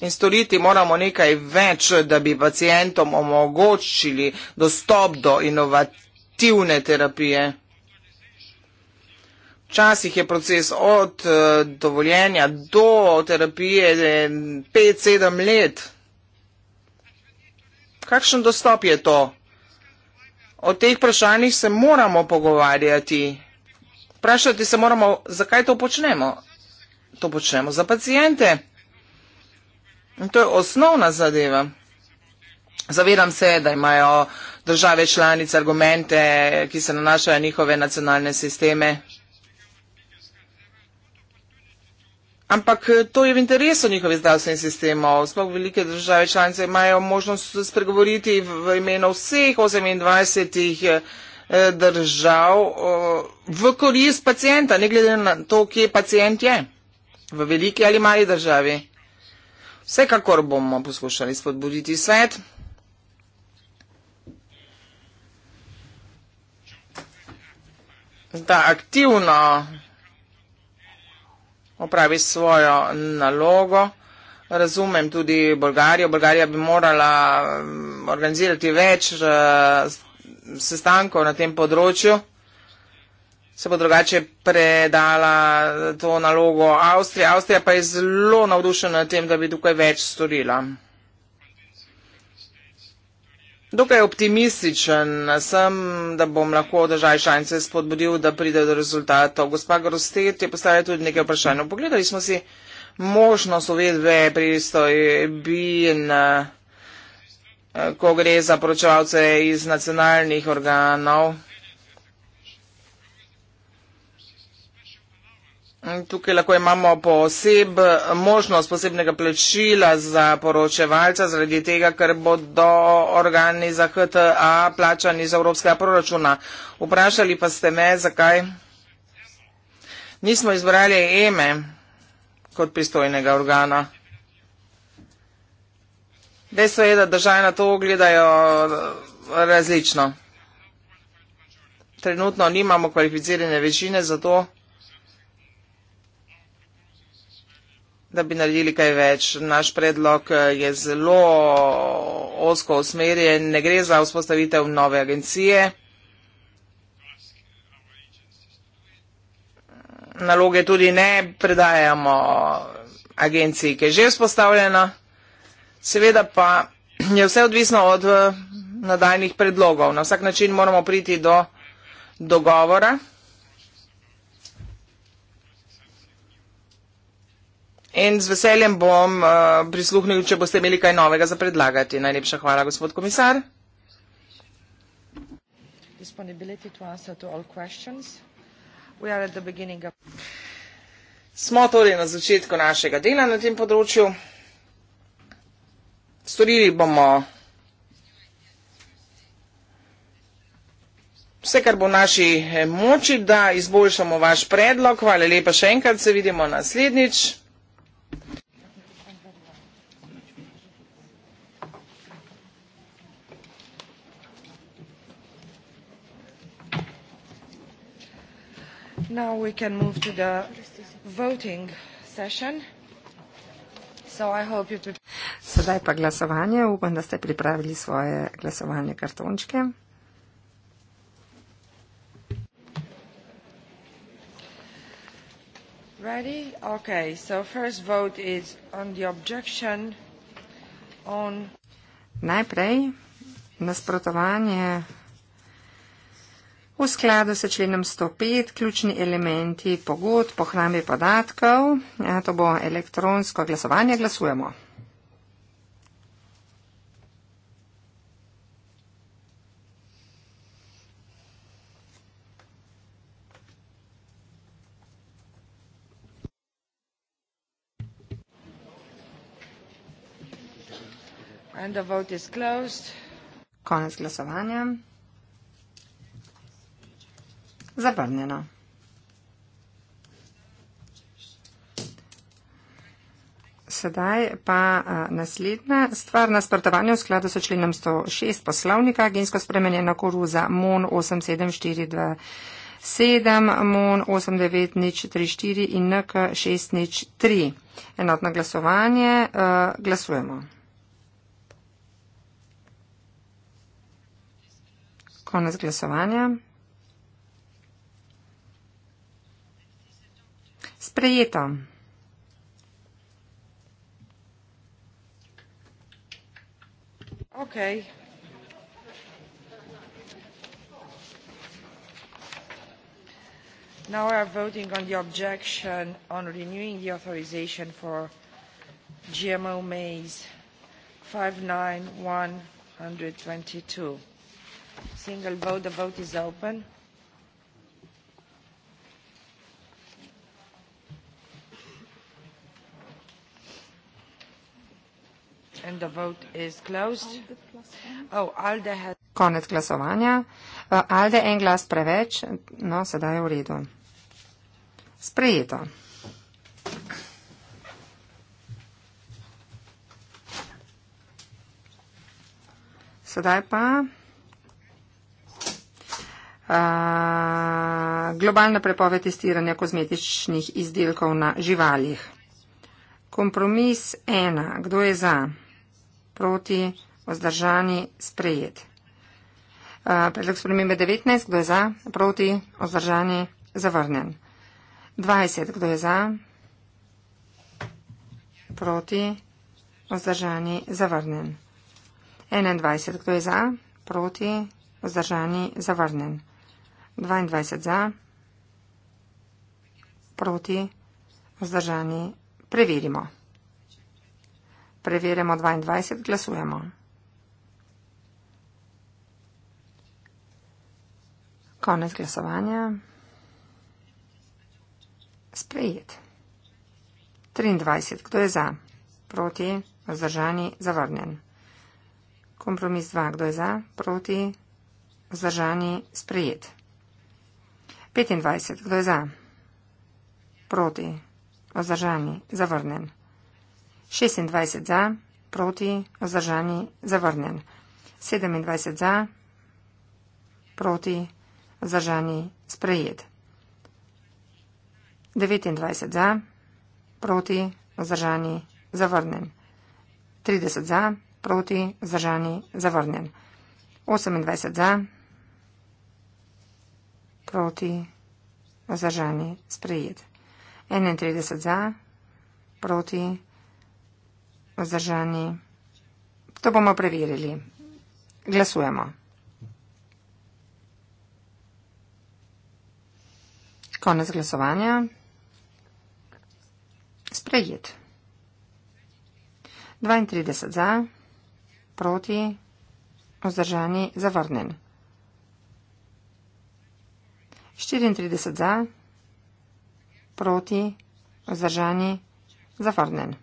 In storiti moramo nekaj več, da bi pacijentom omogočili dostop do inovativne terapije. Včasih je proces od eh, dovoljenja do terapije 5-7 eh, let. Kakšen dostop je to? O teh vprašanjih se moramo pogovarjati. Vprašati se moramo, zakaj to počnemo to počnemo za pacijente. In to je osnovna zadeva. Zavedam se, da imajo države članice argumente, ki se nanašajo njihove nacionalne sisteme. Ampak to je v interesu njihovih zdravstvenih sistemov. Sploh velike države članice imajo možnost spregovoriti v imenu vseh 28 eh, držav v korist pacijenta, ne glede na to, kje pacijent je v veliki ali mali državi. Vsekakor bomo poskušali spodbuditi svet. da aktivno opravi svojo nalogo. Razumem tudi Bolgarijo. Bolgarija bi morala mm, organizirati več eh, sestankov na tem področju se bo drugače predala to nalogo Avstrija. Avstrija pa je zelo navdušena na tem, da bi tukaj več storila. Dokaj optimističen sem, da bom lahko držaj šance spodbudil, da pride do rezultatov. Gospa Grostet je postavila tudi nekaj vprašanj. No, pogledali smo si možnost uvedbe pri stojbi in eh, ko gre za poročevalce iz nacionalnih organov. Tukaj lahko imamo poseb, možnost posebnega plačila za poročevalca, zaradi tega, ker bodo organi za HTA plačani iz evropskega proračuna. Vprašali pa ste me, zakaj nismo izbrali EME e kot pristojnega organa. Dejstvo je, da države na to gledajo eh, različno. Trenutno nimamo kvalificirane večine za to, da je to. da bi naredili kaj več. Naš predlog eh, je zelo osko usmerjen, ne gre za vzpostavitev nove agencije. Naloge tudi ne predajamo agenciji, ki je že vzpostavljena. Seveda pa je vse odvisno od eh, nadaljnih predlogov. Na vsak način moramo priti do dogovora. In z veseljem bom uh, prisluhnil, če boste imeli kaj novega za predlagati. Najlepša hvala, gospod komisar. Smo torej na začetku našega dela na tem področju. Storili bomo vse, kar bo v naši eh, moči, da izboljšamo vaš predlog. Hvala lepa še enkrat, se vidimo naslednjič. Now we can move to the voting session. Sedaj pa glasovanje. Upam, da ste pripravili svoje glasovalne kartončke. Ready? Okay, so first vote is on the objection on... Najprej nasprotovanje V skladu s členom 105, ključni elementi pogod, pohrambe podatkov, ja, to bo elektronsko glasovanje, glasujemo. Konec glasovanja zavrnjena. Sedaj pa naslednja stvar na sprtovanju v skladu s členom 106 poslovnika, gensko spremenjena koruza MON 8742, MON 89.34 in NK 6.3. Enotno glasovanje, glasujemo. Konec glasovanja. sprejeta. Okay. Now we are voting on the objection on renewing the authorization for GMO maize 591122. Single vote, the vote is open. Oh, Konec glasovanja. Uh, Alde en glas preveč. No, sedaj je v redu. Sprejeto. Sedaj pa a, uh, globalna prepove testiranja kozmetičnih izdelkov na živalih. Kompromis ena. Kdo je za? proti vzdržani sprejet. Predlog spremembe 19, kdo je za, proti vzdržani zavrnjen. 20, kdo je za, proti vzdržani zavrnjen. 21, kdo je za, proti vzdržani zavrnjen. 22 za, proti vzdržani preverimo. Preverjamo 22, glasujemo. Konec glasovanja. Sprejet. 23. Kdo je za? Proti. Vzdržani. Zavrnjen. Kompromis 2. Kdo je za? Proti. Vzdržani. Sprejet. 25. Kdo je za? Proti. Vzdržani. Zavrnjen. 26 za, proti, vzdržani, zavrnjen. 27 za, proti, vzdržani, sprejet. 29 za, proti, vzdržani, zavrnjen. 30 za, proti, vzdržani, zavrnjen. 28 za, proti, vzdržani, sprejet. 31 za, proti, vzdržani, sprejet. Vzdržani. To bomo preverili. Glasujemo. Konec glasovanja. Sprejet. 32 za, proti, vzdržani, zavrnen. 34 za, proti, vzdržani, zavrnen.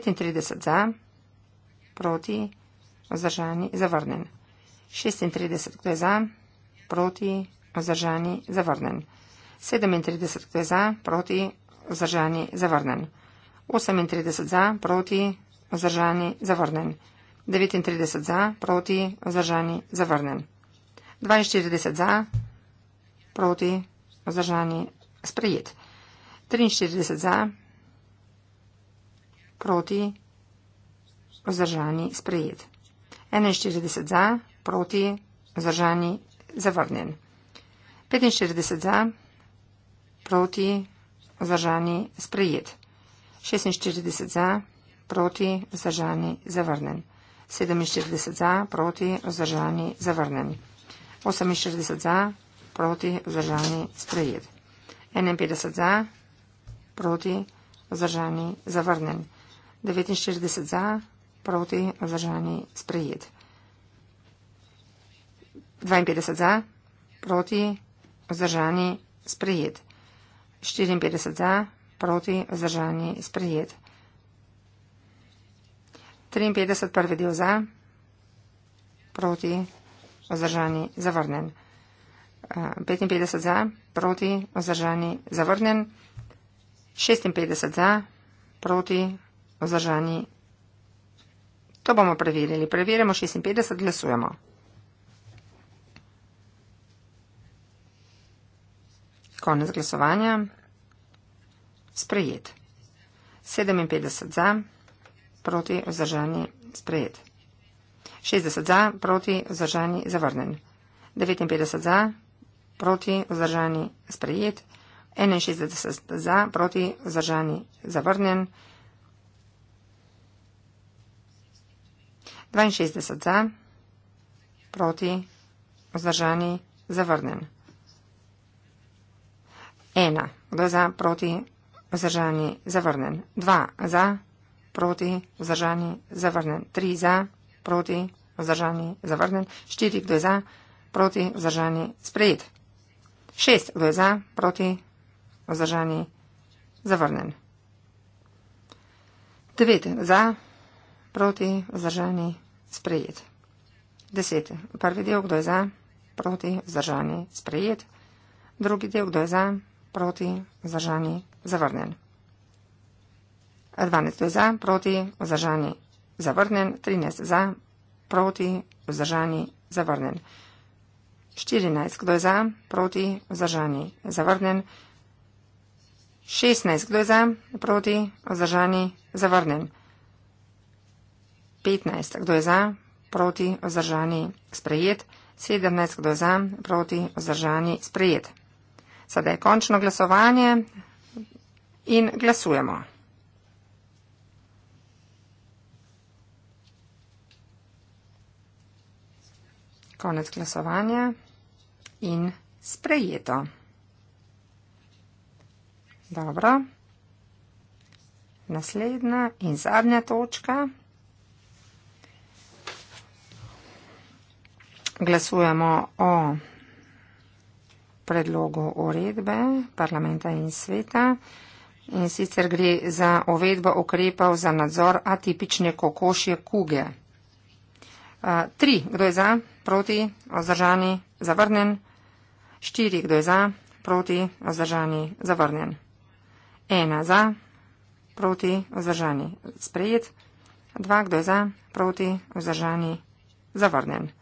35 za, proti, vzdržani, zavrnen. 36, kdo je za, proti, vzdržani, zavrnen. 37, kdo je za, proti, vzdržani, zavrnen. 38 za, proti, vzdržani, zavrnen. 39 za, proti, vzdržani, zavrnen. 42 za, proti, vzdržani, sprejet. 43 za, proti vzdržani sprejet. 41 za, proti vzdržani zavrnjen. 45 za, proti vzdržani sprejet. 46 za, proti vzdržani zavrnjen. 47 za, proti vzdržani zavrnjen. 48 za, proti vzdržani sprejet. 51 za, proti vzdržani zavrnjen. 49 za, proti, vzdržani, sprejet. 52 za, proti, vzdržani, sprejet. 54 za, proti, vzdržani, sprejet. 53 prvi del za, proti, vzdržani, zavrnen. 55 eh, za, proti, vzdržani, zavrnen. 56 za, proti, vzdržani, zavrnen vzdržani. To bomo preverili. Preverimo 56, glasujemo. Konec glasovanja. Sprejet. 57 za, proti vzdržani, sprejet. 60 za, proti vzdržani, zavrnen. 59 za, proti vzdržani, sprejet. 61 za, proti vzdržani, zavrnen. 62 za, proti, vzdržani, zavrnen. Ena, kdo za, proti, vzdržani, zavrnen. Dva, za, proti, vzdržani, zavrnen. Tri, za, proti, vzdržani, zavrnen. Štiri, kdo za, proti, vzdržani, sprejet. Šest, kdo za, proti, vzdržani, zavrnen. Devet, za, proti, vzdržani, zavrnen sprejet. Deset. Prvi del, kdo je za, proti, zdržani, sprejet. Drugi del, kdo je za, proti, zdržani, zavrnen. Dvanajst, kdo je za, proti, zdržani, zavrnen. Trinajst, za, proti, zdržani, zavrnen. Štirinajst, kdo je za, proti, zdržani, zavrnen. Šestnajst, kdo je za, proti, zdržani, zavrnen. 16, 15, kdo je za, proti, vzdržani, sprejet, 17, kdo je za, proti, vzdržani, sprejet. Sedaj je končno glasovanje in glasujemo. Konec glasovanja in sprejeto. Dobro. Naslednja in zadnja točka glasujemo o predlogu uredbe parlamenta in sveta. In sicer gre za uvedbo ukrepov za nadzor atipične kokošje kuge. Uh, tri, kdo je za, proti, vzdržani, zavrnen. Štiri, kdo je za, proti, vzdržani, zavrnen. Ena za, proti, vzdržani, sprejet. Dva, kdo je za, proti, vzdržani, zavrnen.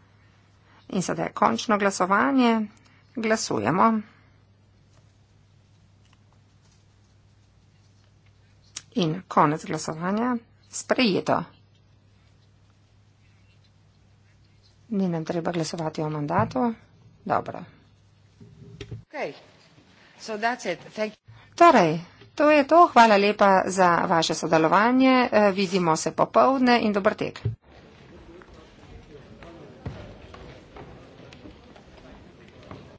In sedaj je končno glasovanje. Glasujemo. In konec glasovanja. Sprejeto. Ni nam treba glasovati o mandatu. Dobro. Okay. So torej, to je to. Hvala lepa za vaše sodelovanje. E, vidimo se popovdne in dober tek.